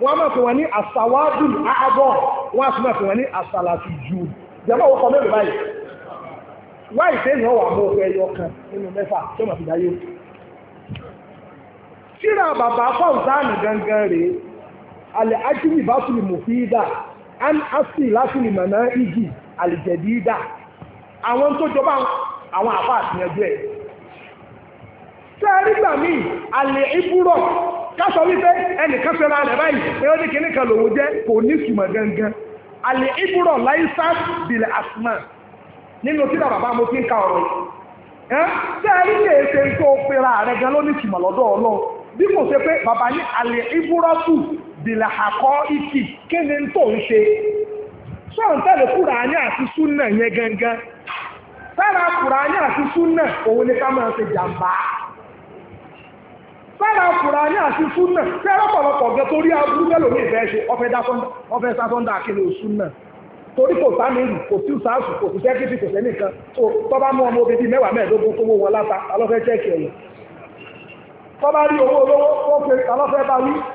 A: wọ́n máa pè wọ́n ní asàwádùn àádọ́ wọ́n sì máa pè wọ́n ní asàlàfì jù jẹ́mọ́ ọkọ̀ mẹ́rin báyìí wáyé tẹ́ ìyàn wà mọ́ ọkọ̀ ẹyọ kan nínú mẹ́fà tó máa fi dáyé síra bàbá fọ́ọ̀sán gangan rèé alẹ́ ájúmì bá an asli lásìlì igi ìjì dà. àwọn tó jọba àwọn àbá àtìyànjú ẹ̀ sẹ́ẹ̀rí gbà míì àlè ìbúrọ̀ kásọ wípé ẹnìkan fẹ́ra rẹ̀ báyìí ẹ ó ní kan lòun jẹ́ kò ní ìtumọ̀ gangan àlè ìbúrọ̀ láìsá bìlẹ̀ àsùnmá nínú títà bàbá mo fi ń ka ọ̀rọ̀ yìí sẹ́ẹ̀rí lè ṣe tó fẹ́ra rẹ̀ gan ló ní lọ́dọ̀ bí kò ṣe pé bàbá ní àlè ìbúrọ̀ bìlà àkọ́ ìkì kí ni tó ń ṣe sọ́ọ̀n anya Kùránì àti súnà yẹn gangan sára Kùránì àti súnà òun ni ká máa ṣe jàǹbá sára Kùránì àti súnà tẹ́lẹ̀ pọ̀lọpọ̀ gẹ torí aburú ìfẹ́ ṣe ọfẹ́ sásọ́ndà àkílò súnà torí kò sá nílùú kò sí sáàsù kò sí sẹ́kìtì kò kan mú ọmọ obìnrin mẹ́wàá mẹ́ẹ̀ẹ́dógún tó láta alọ́fẹ́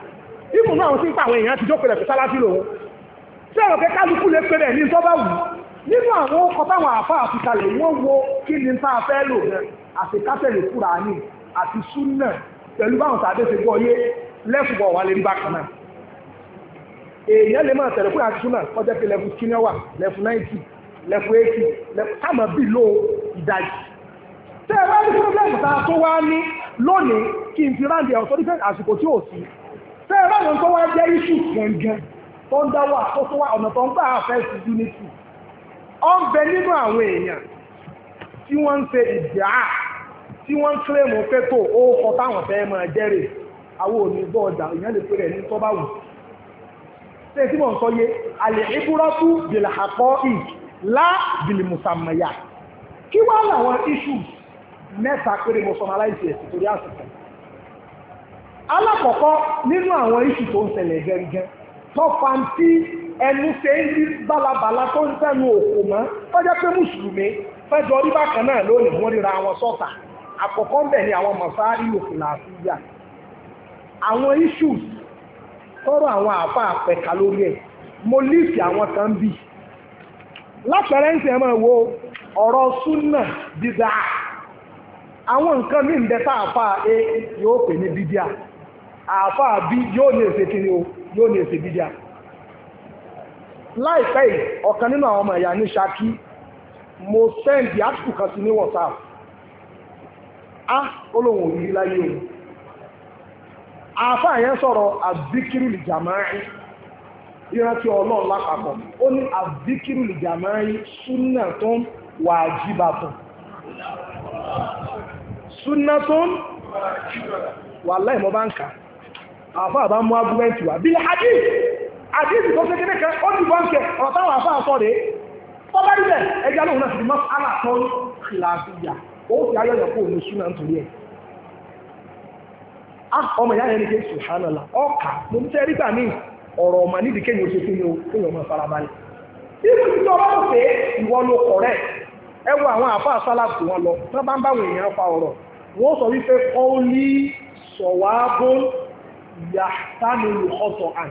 A: ìmù náà sí ń pa àwọn èèyàn ti jókòó lẹ̀kọ́ sáláfí lòun tí àwọn kẹ kálukú lè pẹ́ rẹ̀ ní sọ́bà wù nínú àwọn ọkọ̀ báwọn àfa àfikalẹ̀ wọ́n wo kí ni tá a fẹ́ lò rẹ̀ àti kátẹ̀lì Kùránì àti súnà pẹ̀lú báwọn tàbí ṣe gbọ́ yé lẹ́fùbọ̀ wà lè rí bákan náà èèyàn lè máa tẹ̀lé Kùránì àti súnà kọjá pé lẹ́fù kíní wà lẹ́fù náìtì lẹ́fù éèkì lẹ́fù táàmù bí lò ìdajì tẹ́ ẹ wá ní pírọ́blẹ́mù tá a tó wá ní lónìí kí n fi ráǹdì ẹ̀ tẹ́ ẹ báwọn tó wá jẹ́ iṣu gangan tó ń dá wà tó tó wà ọ̀nà tó ń gbà àfẹ́ sí unity ọ ń bẹ nínú àwọn èèyàn tí wọ́n ń ṣe ìjà tí wọ́n ń kílèmù pé tó ó kọ táwọn fẹ́ máa jẹ́rè àwọn òní gbọ́ ọjà ìyẹn lè pè rẹ̀ ní tó bá wù ṣé tí mò ń sọ yé àlè ìbúrọ́kú bìlàkọ́ ì lá bìlìmùsàmùyà kí wọ́n làwọn iṣu mẹ́ta péré mo sọmọ aláìsí ẹ̀sìn torí àsìkò alákọ̀ọ́kọ́ nínú àwọn iṣu tó ń ṣẹlẹ̀ gẹ́gẹ́ tọ́pa tí ẹnu ṣe ń rí bálabàla tó ń tẹnu òkú mọ́ tọ́jọ́ pé mùsùlùmí fẹ́jọ orí bákan náà lónìí wọ́n ríra àwọn sọ́tà àkọ́kọ́ ń bẹ̀ ní àwọn mọ̀sáárì òkú làásìyà àwọn iṣu tọrọ àwọn àfa àpẹ̀ka lórí ẹ̀ mo lífì àwọn kan bì lápẹ̀rẹ́ ń sẹ́ wo ọ̀rọ̀ súnà dídá àwọn nǹkan mí ń bẹ tá yóò pè ní àáfàá bí yóò ní èsè kiri o yóò ní èsè bídíà láìpẹ́ yìí ọ̀kan nínú àwọn ọmọ ẹ̀yà ní Ṣakí mo sẹ́ǹdì átùkù kan sí ní WhatsApp á olóhùn òyìnbí láyé o àáfàá yẹn sọ̀rọ̀ àbíkírù lìjàmáì ìrántí ọlọ́run lápapọ̀ ó ní àbíkírù lìjàmáì súnà tó ń wà súnà tó ń wà bá ń kà á àfá àbá mú agúmẹ́ntì wá bíi hadith hadith tó ṣe kéde kan ó ti bọ́ ń kẹ ọ̀rọ̀ àfá àsọ rèé tọ́lá níbẹ̀ ẹja lóhun náà ti mọ́ aláàtọ́ kìláàfíà ó ti ayọ̀yọ̀ kó omi súnà ẹ̀ ọmọ ìyá ẹni kéṣù hánàlá ọkà mo ń tẹ́ rígbà ọ̀rọ̀ nídìí kéyìn oṣù fún mi kéyìn ọmọ ìfarabalẹ̀ yàtàmìlù ọ̀tọ̀ àn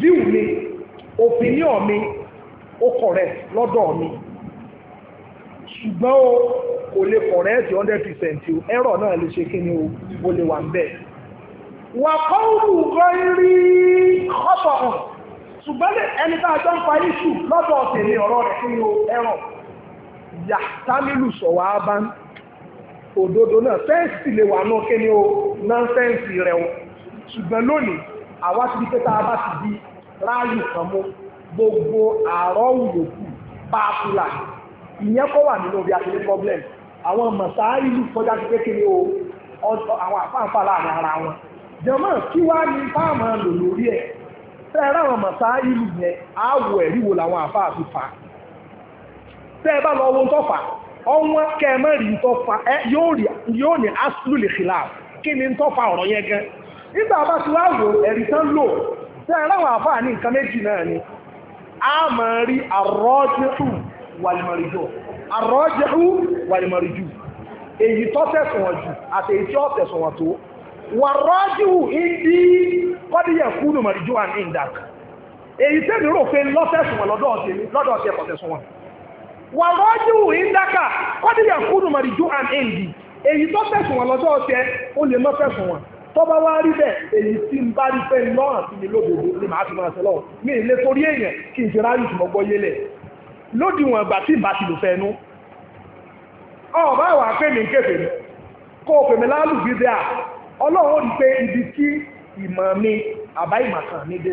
A: view mi opinion mi ó correct lọ́dọ̀ mi ṣùgbọ́n o kò lè correct hundred percent o error náà lè ṣe kí ni o o lè wà ń bẹ̀. wà á kọ́ọ̀lù gọ́rí ọ̀tọ̀ hàn ṣùgbọ́n ẹni tá a jọ ń pa issue lọ́dọ̀ tèmi ọ̀rọ̀ rẹ̀ kí ni o error yàtàmìlù sọ̀wọ́ abáńtì òdodo náà sẹ́ǹsì lè wà náà kí ni o nọ́ńsẹ́ǹsì rẹ̀ o ṣùgbọ́n lónìí àwa ti di pé tá a bá ti di ráàyè kan mú gbogbo àárọ̀ òyòkù pàápùlà ìyẹn kọ́ wà nínú ibi àtìlẹ́ problem àwọn mọ̀sáárì lù kọjá sí pé ni o àwọn àfáàfà láàrin ara wọn jọmọ́ kí wá ní fáàmà lò lórí ẹ̀ tẹ́ẹ̀rẹ́ àwọn mọ̀sáárì lù yẹn àwọ̀ ẹ̀ríwo làwọn àfáàfì fà tẹ́ẹ̀ bá lọ wo tọ́fà Ọnwa kẹ́ẹ̀mọ́ rí ntọ́fà yóò ní aṣlù lè ṣìlá kí ni ntọ́fà ọ̀rọ̀ yẹn bá ti wá wò ẹ̀rí lò tẹ́ ẹ a máa rí àrọ́jẹ́hù wàlìmọ̀rìjù àrọ́jẹ́hù wàlìmọ̀rìjù èyí tó ati eyi àti èyí tí ó tẹ̀sán wọn tó wàrọ́jù ìdí kọ́díyẹ̀ kúnnù mọ̀rìjù àní ìdàkà èyí tẹ́mi wà rọ́jú ìdáka kọ́díyà kúrò mọ̀rí ju and andy èyí tó fẹ̀sùn wọn lọ́jọ́ ọ̀tẹ ó lè mọ́ fẹ̀sùn wọn tó bá wá rí bẹ́ẹ̀ èyí tí ń bá rí pé lọ́rùn sí mi lódodo ni màá fi máa ṣe lọ́wọ́ mi ì lè torí èèyàn kí n ṣe ráyù tí mo gbọ́ yélẹ̀ lódiwọ̀n ìgbà tí ìbá ti lò fẹ́ nu wà pé mi kéfè mi kó o pè mí lálùbí dẹ́ à ọlọ́run ó rí pé ibi tí ìmọ̀ mi àbá ìmọ̀ kan mi dé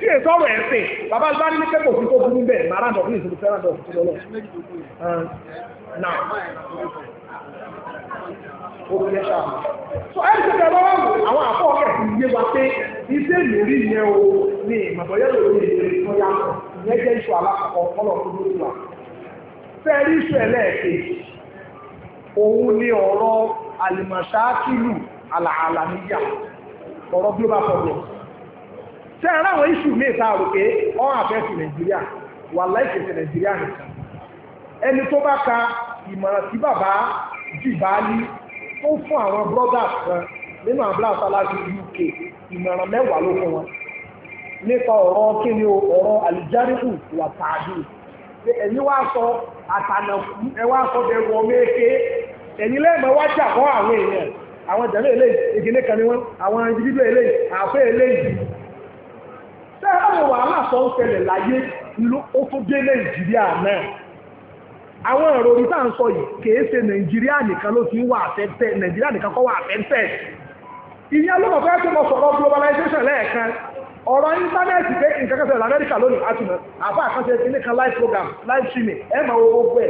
A: tí èso ọ̀rọ̀ ẹ̀sìn bàbá bá ní kẹ́kọ̀ọ́ fún tó burú bẹ́ẹ̀ màrá dọ̀ fún ìṣòro fẹ́ràn dọ̀ fún lọ́lọ́
B: obìnrin ṣáà so ẹni tó tẹ lọ́wọ́ àwọn àfọ ọ̀rẹ́ ti yé wa pé iṣẹ́
A: ìlérí yẹn o ní ìmọ̀bọ̀yẹ́ lórí ìlérí tó yàtọ̀ ìyẹn jẹ́ iṣu alákọ̀ọ́ kọ́lọ̀ tó lórí wa fẹ́ẹ́rí iṣu ẹlẹ́ẹ̀kejì òun ni ọ̀rọ̀ àlìmọ̀ṣáàkìlù àlàálàmíyà ọ̀rọ̀ global problem ṣe ara àwọn iṣu mi ta pé ọ̀hún àfẹ́sì nàìjíríà wà láìpẹ́ nàìjíríà nìkan ẹni tó bá ka ìmọ̀ràn tí bàbá jìbálí tó fún àwọn brothers kan nínú àbúrò àtàlájú UK ìmọ̀ràn mẹ́wàá ló fún wọn nípa ọ̀rọ̀ kíni o ọ̀rọ̀ àlìjáríkù wà tààdù ẹ̀yin wá sọ àtànàkú ẹ wá sọ bẹ̀rù ọmọ èké ẹ̀yin lẹ́ẹ̀mọ́ wá jà àwọn èèyàn àwọn àwọn sẹ́ẹ̀rẹ̀ wàhálà sọ ń ṣẹlẹ̀ láyé ó tó dé nàìjíríà náà àwọn ọ̀rọ̀ orí tá à ń sọ yìí kìí ṣe nàìjíríà nìkan ló ti ń wà àfẹ́fẹ́ nàìjíríà nìkan kọ́ wà àfẹ́fẹ́ ìyẹn ló fẹ́ pé mo sọ̀rọ̀ globalization lẹ́ẹ̀kan ọ̀rọ̀ íńtánẹ́ẹ̀tì pé nǹkan kẹsẹ̀ lọ program live streaming ẹ̀ máa wo gbogbo ẹ̀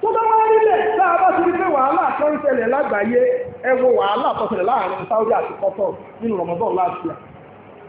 A: tó bá wá nílẹ̀ tá a bá ti rí pé wàhálà ń ṣẹlẹ̀ lágbàáyé ẹ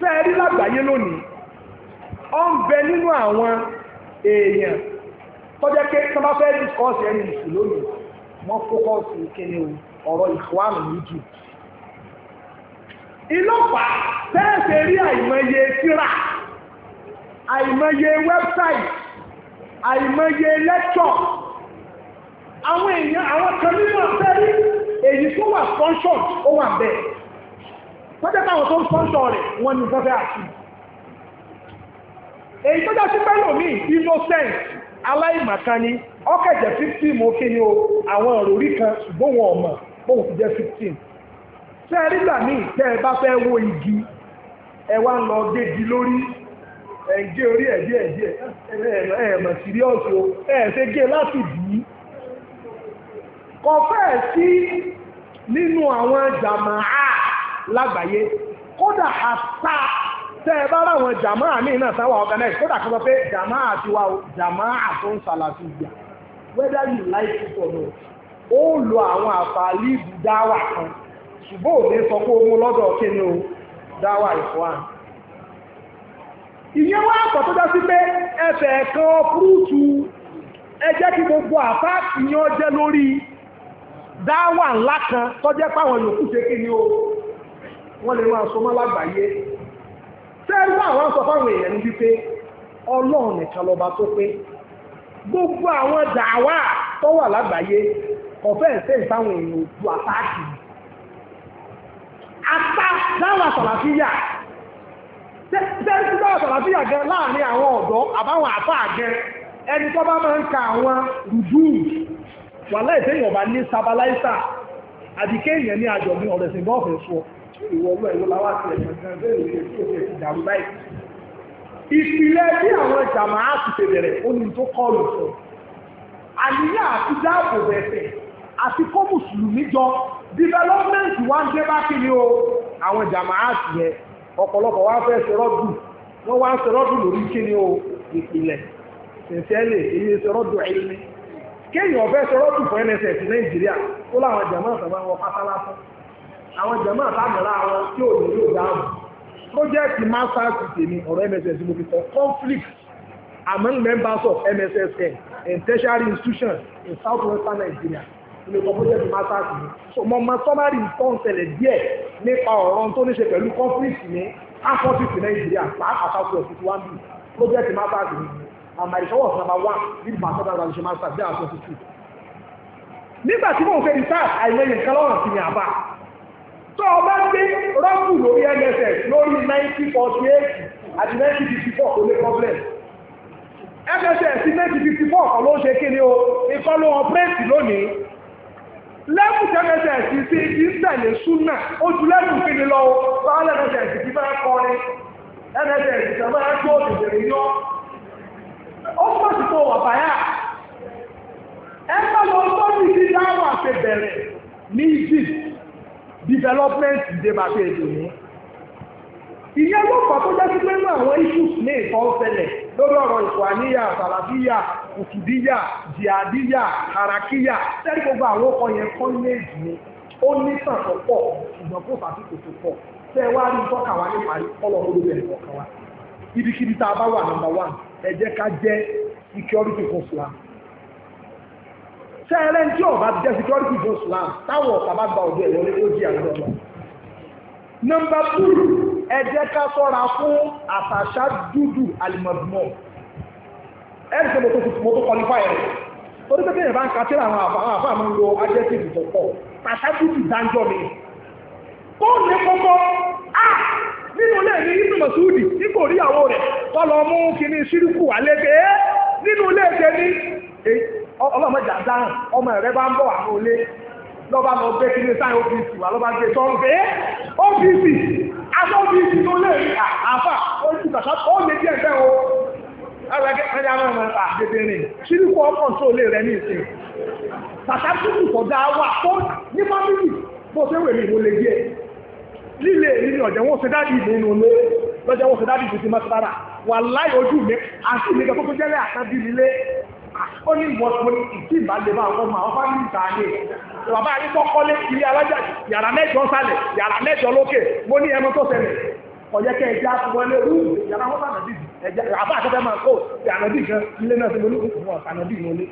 A: sẹ́ẹ̀rí lágbàáyé lónìí ọ ń bẹ nínú àwọn èèyàn tọ́jẹ́ pé tán bá fẹ́ dìkọ́ọ̀sì ẹni ìsù lónìí wọ́n fókọ́ọ̀sì kíni ọ̀rọ̀ ìfọ́àmù méjì ìlọ́pà tẹ́ẹ̀sẹ̀ rí àìmọye síra àìmọye wẹ́bsáìtì àìmọye lẹ́tọ̀ àwọn èèyàn àwọn kan nínú ọ̀sẹ̀ rí èyí tó wà fọ́nṣọ̀n ó wà bẹ́ẹ̀ tọ́jẹ́ táwọn tó ń sọ́ńtọ̀ rẹ̀ wọ́n ní fẹ́fẹ́ àti èyí tọ́já sí pẹ́lú mi innocent aláìmàkání ọkẹ̀jẹ̀ 15 mọ́ kí ni o àwọn òròrí kan ṣùgbọ́n wọn ọ̀mọ̀ bóun ti jẹ́ 15 tẹ́ ẹ nígbà míì tẹ́ ẹ bá fẹ́ wo igi ẹ wá ń lọ gégi lórí ẹ ń gé orí ẹ̀ díẹ̀ díẹ̀ ẹ ẹ̀ mọ̀ sí rí ọ̀ṣọ́ ẹ ẹ̀ ṣe gé láti dì í kọfẹ́ sí nínú àwọn jàmáà lágbàáyé kódà àtà tẹ́ ẹ jàmáà míì náà sáwà organize kódà kan sọ pé jàmáà àti wa jàmáà tó ń sàlàtì ìyà whether you like it or not ó lo àwọn àfààní ìbúdáwà kan ṣùgbọ́n ò ní sọ pé ó mú lọ́dọ̀ kí ni o dáwà ìfọ́ àná ìyẹn wá àpọ̀ tó dásí pé ẹsẹ̀ ẹ̀kan ọkùrútù ẹjẹ́ kí gbogbo àfá ìyẹn ọjẹ́ lórí dáwà ńlá kan tọ́jẹ́ páwọn yòókù ṣe kí wọ́n lè máa sọmọ́ lágbàáyé tẹ́rù àwọn sọ fáwọn èèyàn ní wípé ọlọ́run nìkan lọba tó pé gbogbo àwọn dàwà tó wà lágbàáyé ọ̀fẹ́ ẹ̀sẹ̀ ìfáwọn èèyàn ojú àtàkì apá dáwà sàlàfíyà tẹ́rù dáwà sàlàfíyà gan láàrin àwọn ọ̀dọ́ àbáwọn àpá àgẹn ẹni tó bá máa ń ka àwọn rùdú wà láìpẹ́ ìwọ̀nba ní sabaláísà àdìkẹ́ èèyàn ní àjọ̀gbìn ọ̀rẹ̀sìn bọ́ọ̀fẹ́ sọ ìwọ ọlọ́ ìlú làwọn àti ẹ̀sìn kan bẹ́ẹ̀ ní èsì òkè ti dàrú báyìí. ìpìlẹ̀ bí àwọn jàmá àti tẹ̀bẹ̀rẹ̀ ó ní tó kọlù sọ àníyá àti dáàbò bẹ̀ẹ̀fẹ̀ àti kó mùsùlùmí jọ development wá ń dé bá kiri o àwọn jàmá àti yẹn ọ̀pọ̀lọpọ̀ wá fẹ́ ṣe rọ́dù wọ́n wá ń ṣe rọ́dù lórí kiri o ìpìlẹ̀ ṣẹ̀ṣẹ̀lẹ̀ èyí ṣe rọ́dù ẹ̀yìn kéèyàn fẹ́ ṣe rọ́dù fún NSS Nàìjíríà ó láwọn jàmá àtàwọn ọkọ̀ pátá lásán àwọn jẹ̀mọ́ àtàmọ́ra wọn tí ò ní yóò dáhùn project masters tèmi ọ̀rọ̀ mss mo fi kọ́ conflict among members of mssn and tertiary institutions in South Western Nigeria ilé ìkọ́ project masters mi so mo ma sọ́márì nǹkan ṣẹlẹ̀ díẹ̀ nípa ọ̀rọ̀ tó ní ṣe pẹ̀lú conflict ní afọ́sìtì Nàìjíríà pàápàá south west wá ń bì project masters mi àmàlì my sí number one ní ìgbà tó dára ṣe masters bí i àtúntò nígbà tí mo fẹ́ research àìmọye nǹkan tó o bá gbé rọ́pù lórí NSS lórí 1948 àti 1954 kò lè problem NSS sí 1954 kan ló ń ṣe kí ni o ikọ́ ló ọpẹ́ẹ̀tì lónìí lẹ́bù NSS sí sí ìtẹ̀lẹ̀ súnà ó ju lẹ́bù kí ni lọ báwọn NSS ti máa kọrin NSS ti máa tó òṣèré yọ ó pọ̀ sí tó wà báyà ẹ bá lọ sọ́ọ̀tì sí dáhùn àti bẹ̀rẹ̀ ní Egypt development dé bá fẹ́ dùn ní. ìyẹn ló fà tó jẹ́ sí pé nínú àwọn issues ní ìtọ́ ṣẹlẹ̀ lórí ọ̀rọ̀ ìfọ̀àníyà sàlàfíyà kùtùbíyà jihadíyà harakíyà tẹ́lẹ̀ gbogbo àwọn ọkọ̀ yẹn kọ́ ní èjì ni ó ní tàn tó pọ̀ ṣùgbọ́n kò sàtìkò tó pọ̀ tẹ́ ẹ wá rí tọ́ka wa ní parí kọ́lọ̀ ló bẹ̀rẹ̀ kọ̀ọ̀kan wa ibikíbi tá a bá wà number one ẹ jẹ́ ká jẹ́ security fún fúlàmù sẹ́ẹ̀rẹ́ tí ọba jẹ́ security for Islam táwọn ọ̀tá bá gba ọ̀dọ̀ ẹ̀yọ́ lẹ́kọ́ jí àjọ lọ. nọmba two ẹ jẹ́ ká sọ́ra fún àtàṣà dúdú alimọ̀dúnmọ̀ ẹ ní sọ́dọ̀ tó fi mọ́tò qualify rẹ̀ torí pé kéèyàn bá ń kàtí àwọn àfa àwọn àfa mi ń lo adjective tó pọ̀ tàṣà dúdú dáńjọ́ mi. tó ní kókó a nínú ilé mi ibi mọ̀súùdì nígbò rí àwọ̀ rẹ̀ tọ́lọ mú kíní síríkù àlẹ́kẹ́ nínú ilé ìjẹ́ ní ọlọ́mọjà dáhùn ọmọ rẹ bá ń bọ̀ àwọn olé lọ́ba lọ bẹ́ kí ní sáyẹn ọ́fíìsì wà lọ́ba gbé tọ́rù pé ọ́fíìsì aṣọ ọ́fíìsì tó lè rí àfà oríṣi tàṣà ó lè díẹ̀ bẹ́ẹ̀ o alágẹ́ ẹ̀dá náà máa ta dédé rìn ṣíríkù ọkàn tó lè rẹ ní ìsìn tàṣà tútù kọjá wà tó ní fámìlì bó ṣe wèlé ìwò lè díẹ̀ líle èyí ni ọ̀jẹ̀ wọn ṣe dáàbì nínú ilé lọ́jọ́ wọn ṣe dáàbì tuntun mọ́tàrà wà láì ojú mi àti ìlẹ́gbẹ̀ẹ́ tó tó jẹ́lẹ̀ àtàbí nílé ó ní wọ́pọ̀ ìtì ìbálẹ̀ máa wọ́n máa wọ́n ní ìtàlẹ̀ bàbá yìí kọ́kọ́lé ilé alájà yàrá mẹ́jọ sálẹ̀ yàrá mẹ́jọ lókè mo ní ẹnu tó ṣẹlẹ̀ ọ̀yẹ́kẹ́ ẹja wọlé rú yàrá wọn bá nàbí ẹja àbá àtẹ́fẹ́ máa kó ti ànàbí gan ilé náà ti mo ní òkùnkùn ọ̀sán ànàbí mo ní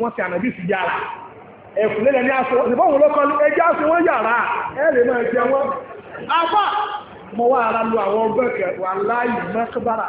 A: wọ́n ti ànàbí sí yàrá ẹ̀kùnlé lẹ́ni aṣọ ìbọ̀wọ̀n ló kọlu ẹjẹ́ aṣọ wọ́n yàrá ẹ̀rẹ̀ máa jẹ wọn apá mọ́ wá ara lu àwọn ọgbẹ́kẹ̀ wà láàyè mẹ́kọ́bára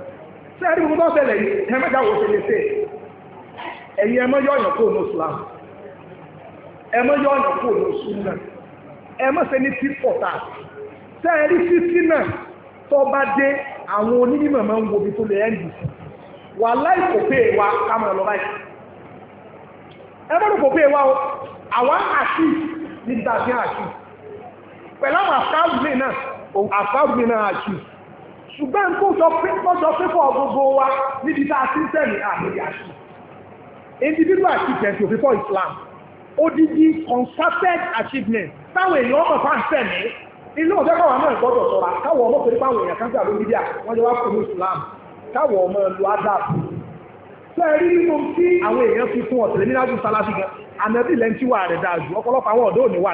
A: sẹ́ẹ̀rí gbogbo ọ̀sẹ̀lẹ̀ yìí ẹ̀mẹ́jà wò ṣe lè ṣe ẹ̀yin ẹmọ yọ ọ̀yàn kó ní Islam ẹmọ yọ ọ̀yàn kó ní Sunnah ẹmọ ṣe ní fífọ̀ tà sẹ́ẹ̀rí fífí náà tó bá dé àwọn onímọ̀ máa ń wo ibi tó lè ẹ́ndì wà láì kò pé e wa kámọ̀ lọ báyìí ẹmọ́dún kò pé e wa o àwa àṣì ní dàbí àṣì pẹ̀lú àwọn àfáàgbé náà àfáàgbé náà àṣì ṣùgbọ́n kó sọ pé kó sọ pé fọ́ gbogbo wa níbi tá a ti ń tẹ̀lé àmì àṣì individual achievement yóò fi fọ́ Islam odidi concerted achievement táwọn èèyàn ọkọ̀ fà ń tẹ̀lé ilé ọ̀fẹ́ kọ̀wá náà gbọ́dọ̀ sọ̀ra káwọn ọmọ pẹ̀lú àwọn èèyàn káńtà ló mídíà wọ́n jọ wá fún Islam káwọn ọmọ lu adab sọ ẹ rí nínú tí àwọn èèyàn fi fún ọ̀tẹ̀lẹ́mínà ju salafi gan àmẹ́bí lẹ́ńtíwà rẹ̀ dáa ju ọ̀pọ̀lọpọ̀ àwọn ọ̀dọ́ òní wà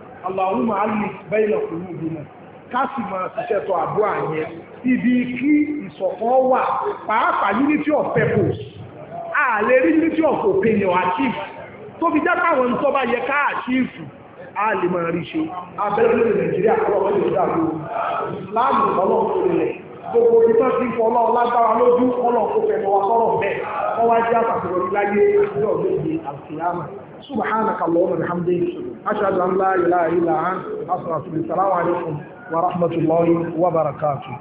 A: Allahumma alif bayna qulubina káàsì máa ṣiṣẹ́ tọ àbúrò àyẹn ibi kí ìṣọ̀kan wà pàápàá unity of purpose ààlè rí unity of opinion achieve tó fi jẹ́ káwọn ń tọ́ba yẹ ká achieve a lè máa rí ṣe abẹ́rẹ́ lórí Nàìjíríà ọlọ́wọ́ lè dàgbò láàmì ọlọ́wọ́ lè gbogbo ìtọ́ sí fọlọ́ lágbára lójú ọlọ́wọ́ kó fẹ́ lọ́wọ́ sọ́rọ̀ bẹ́ẹ̀ wọ́n wá jẹ́ àpapọ̀ orí láyé àti ọ̀gbẹ́gbẹ́ àti àmà سبحانك اللهم وبحمدك أشهد أن لا إله إلا أنت أستغفرك السلام عليكم ورحمة الله وبركاته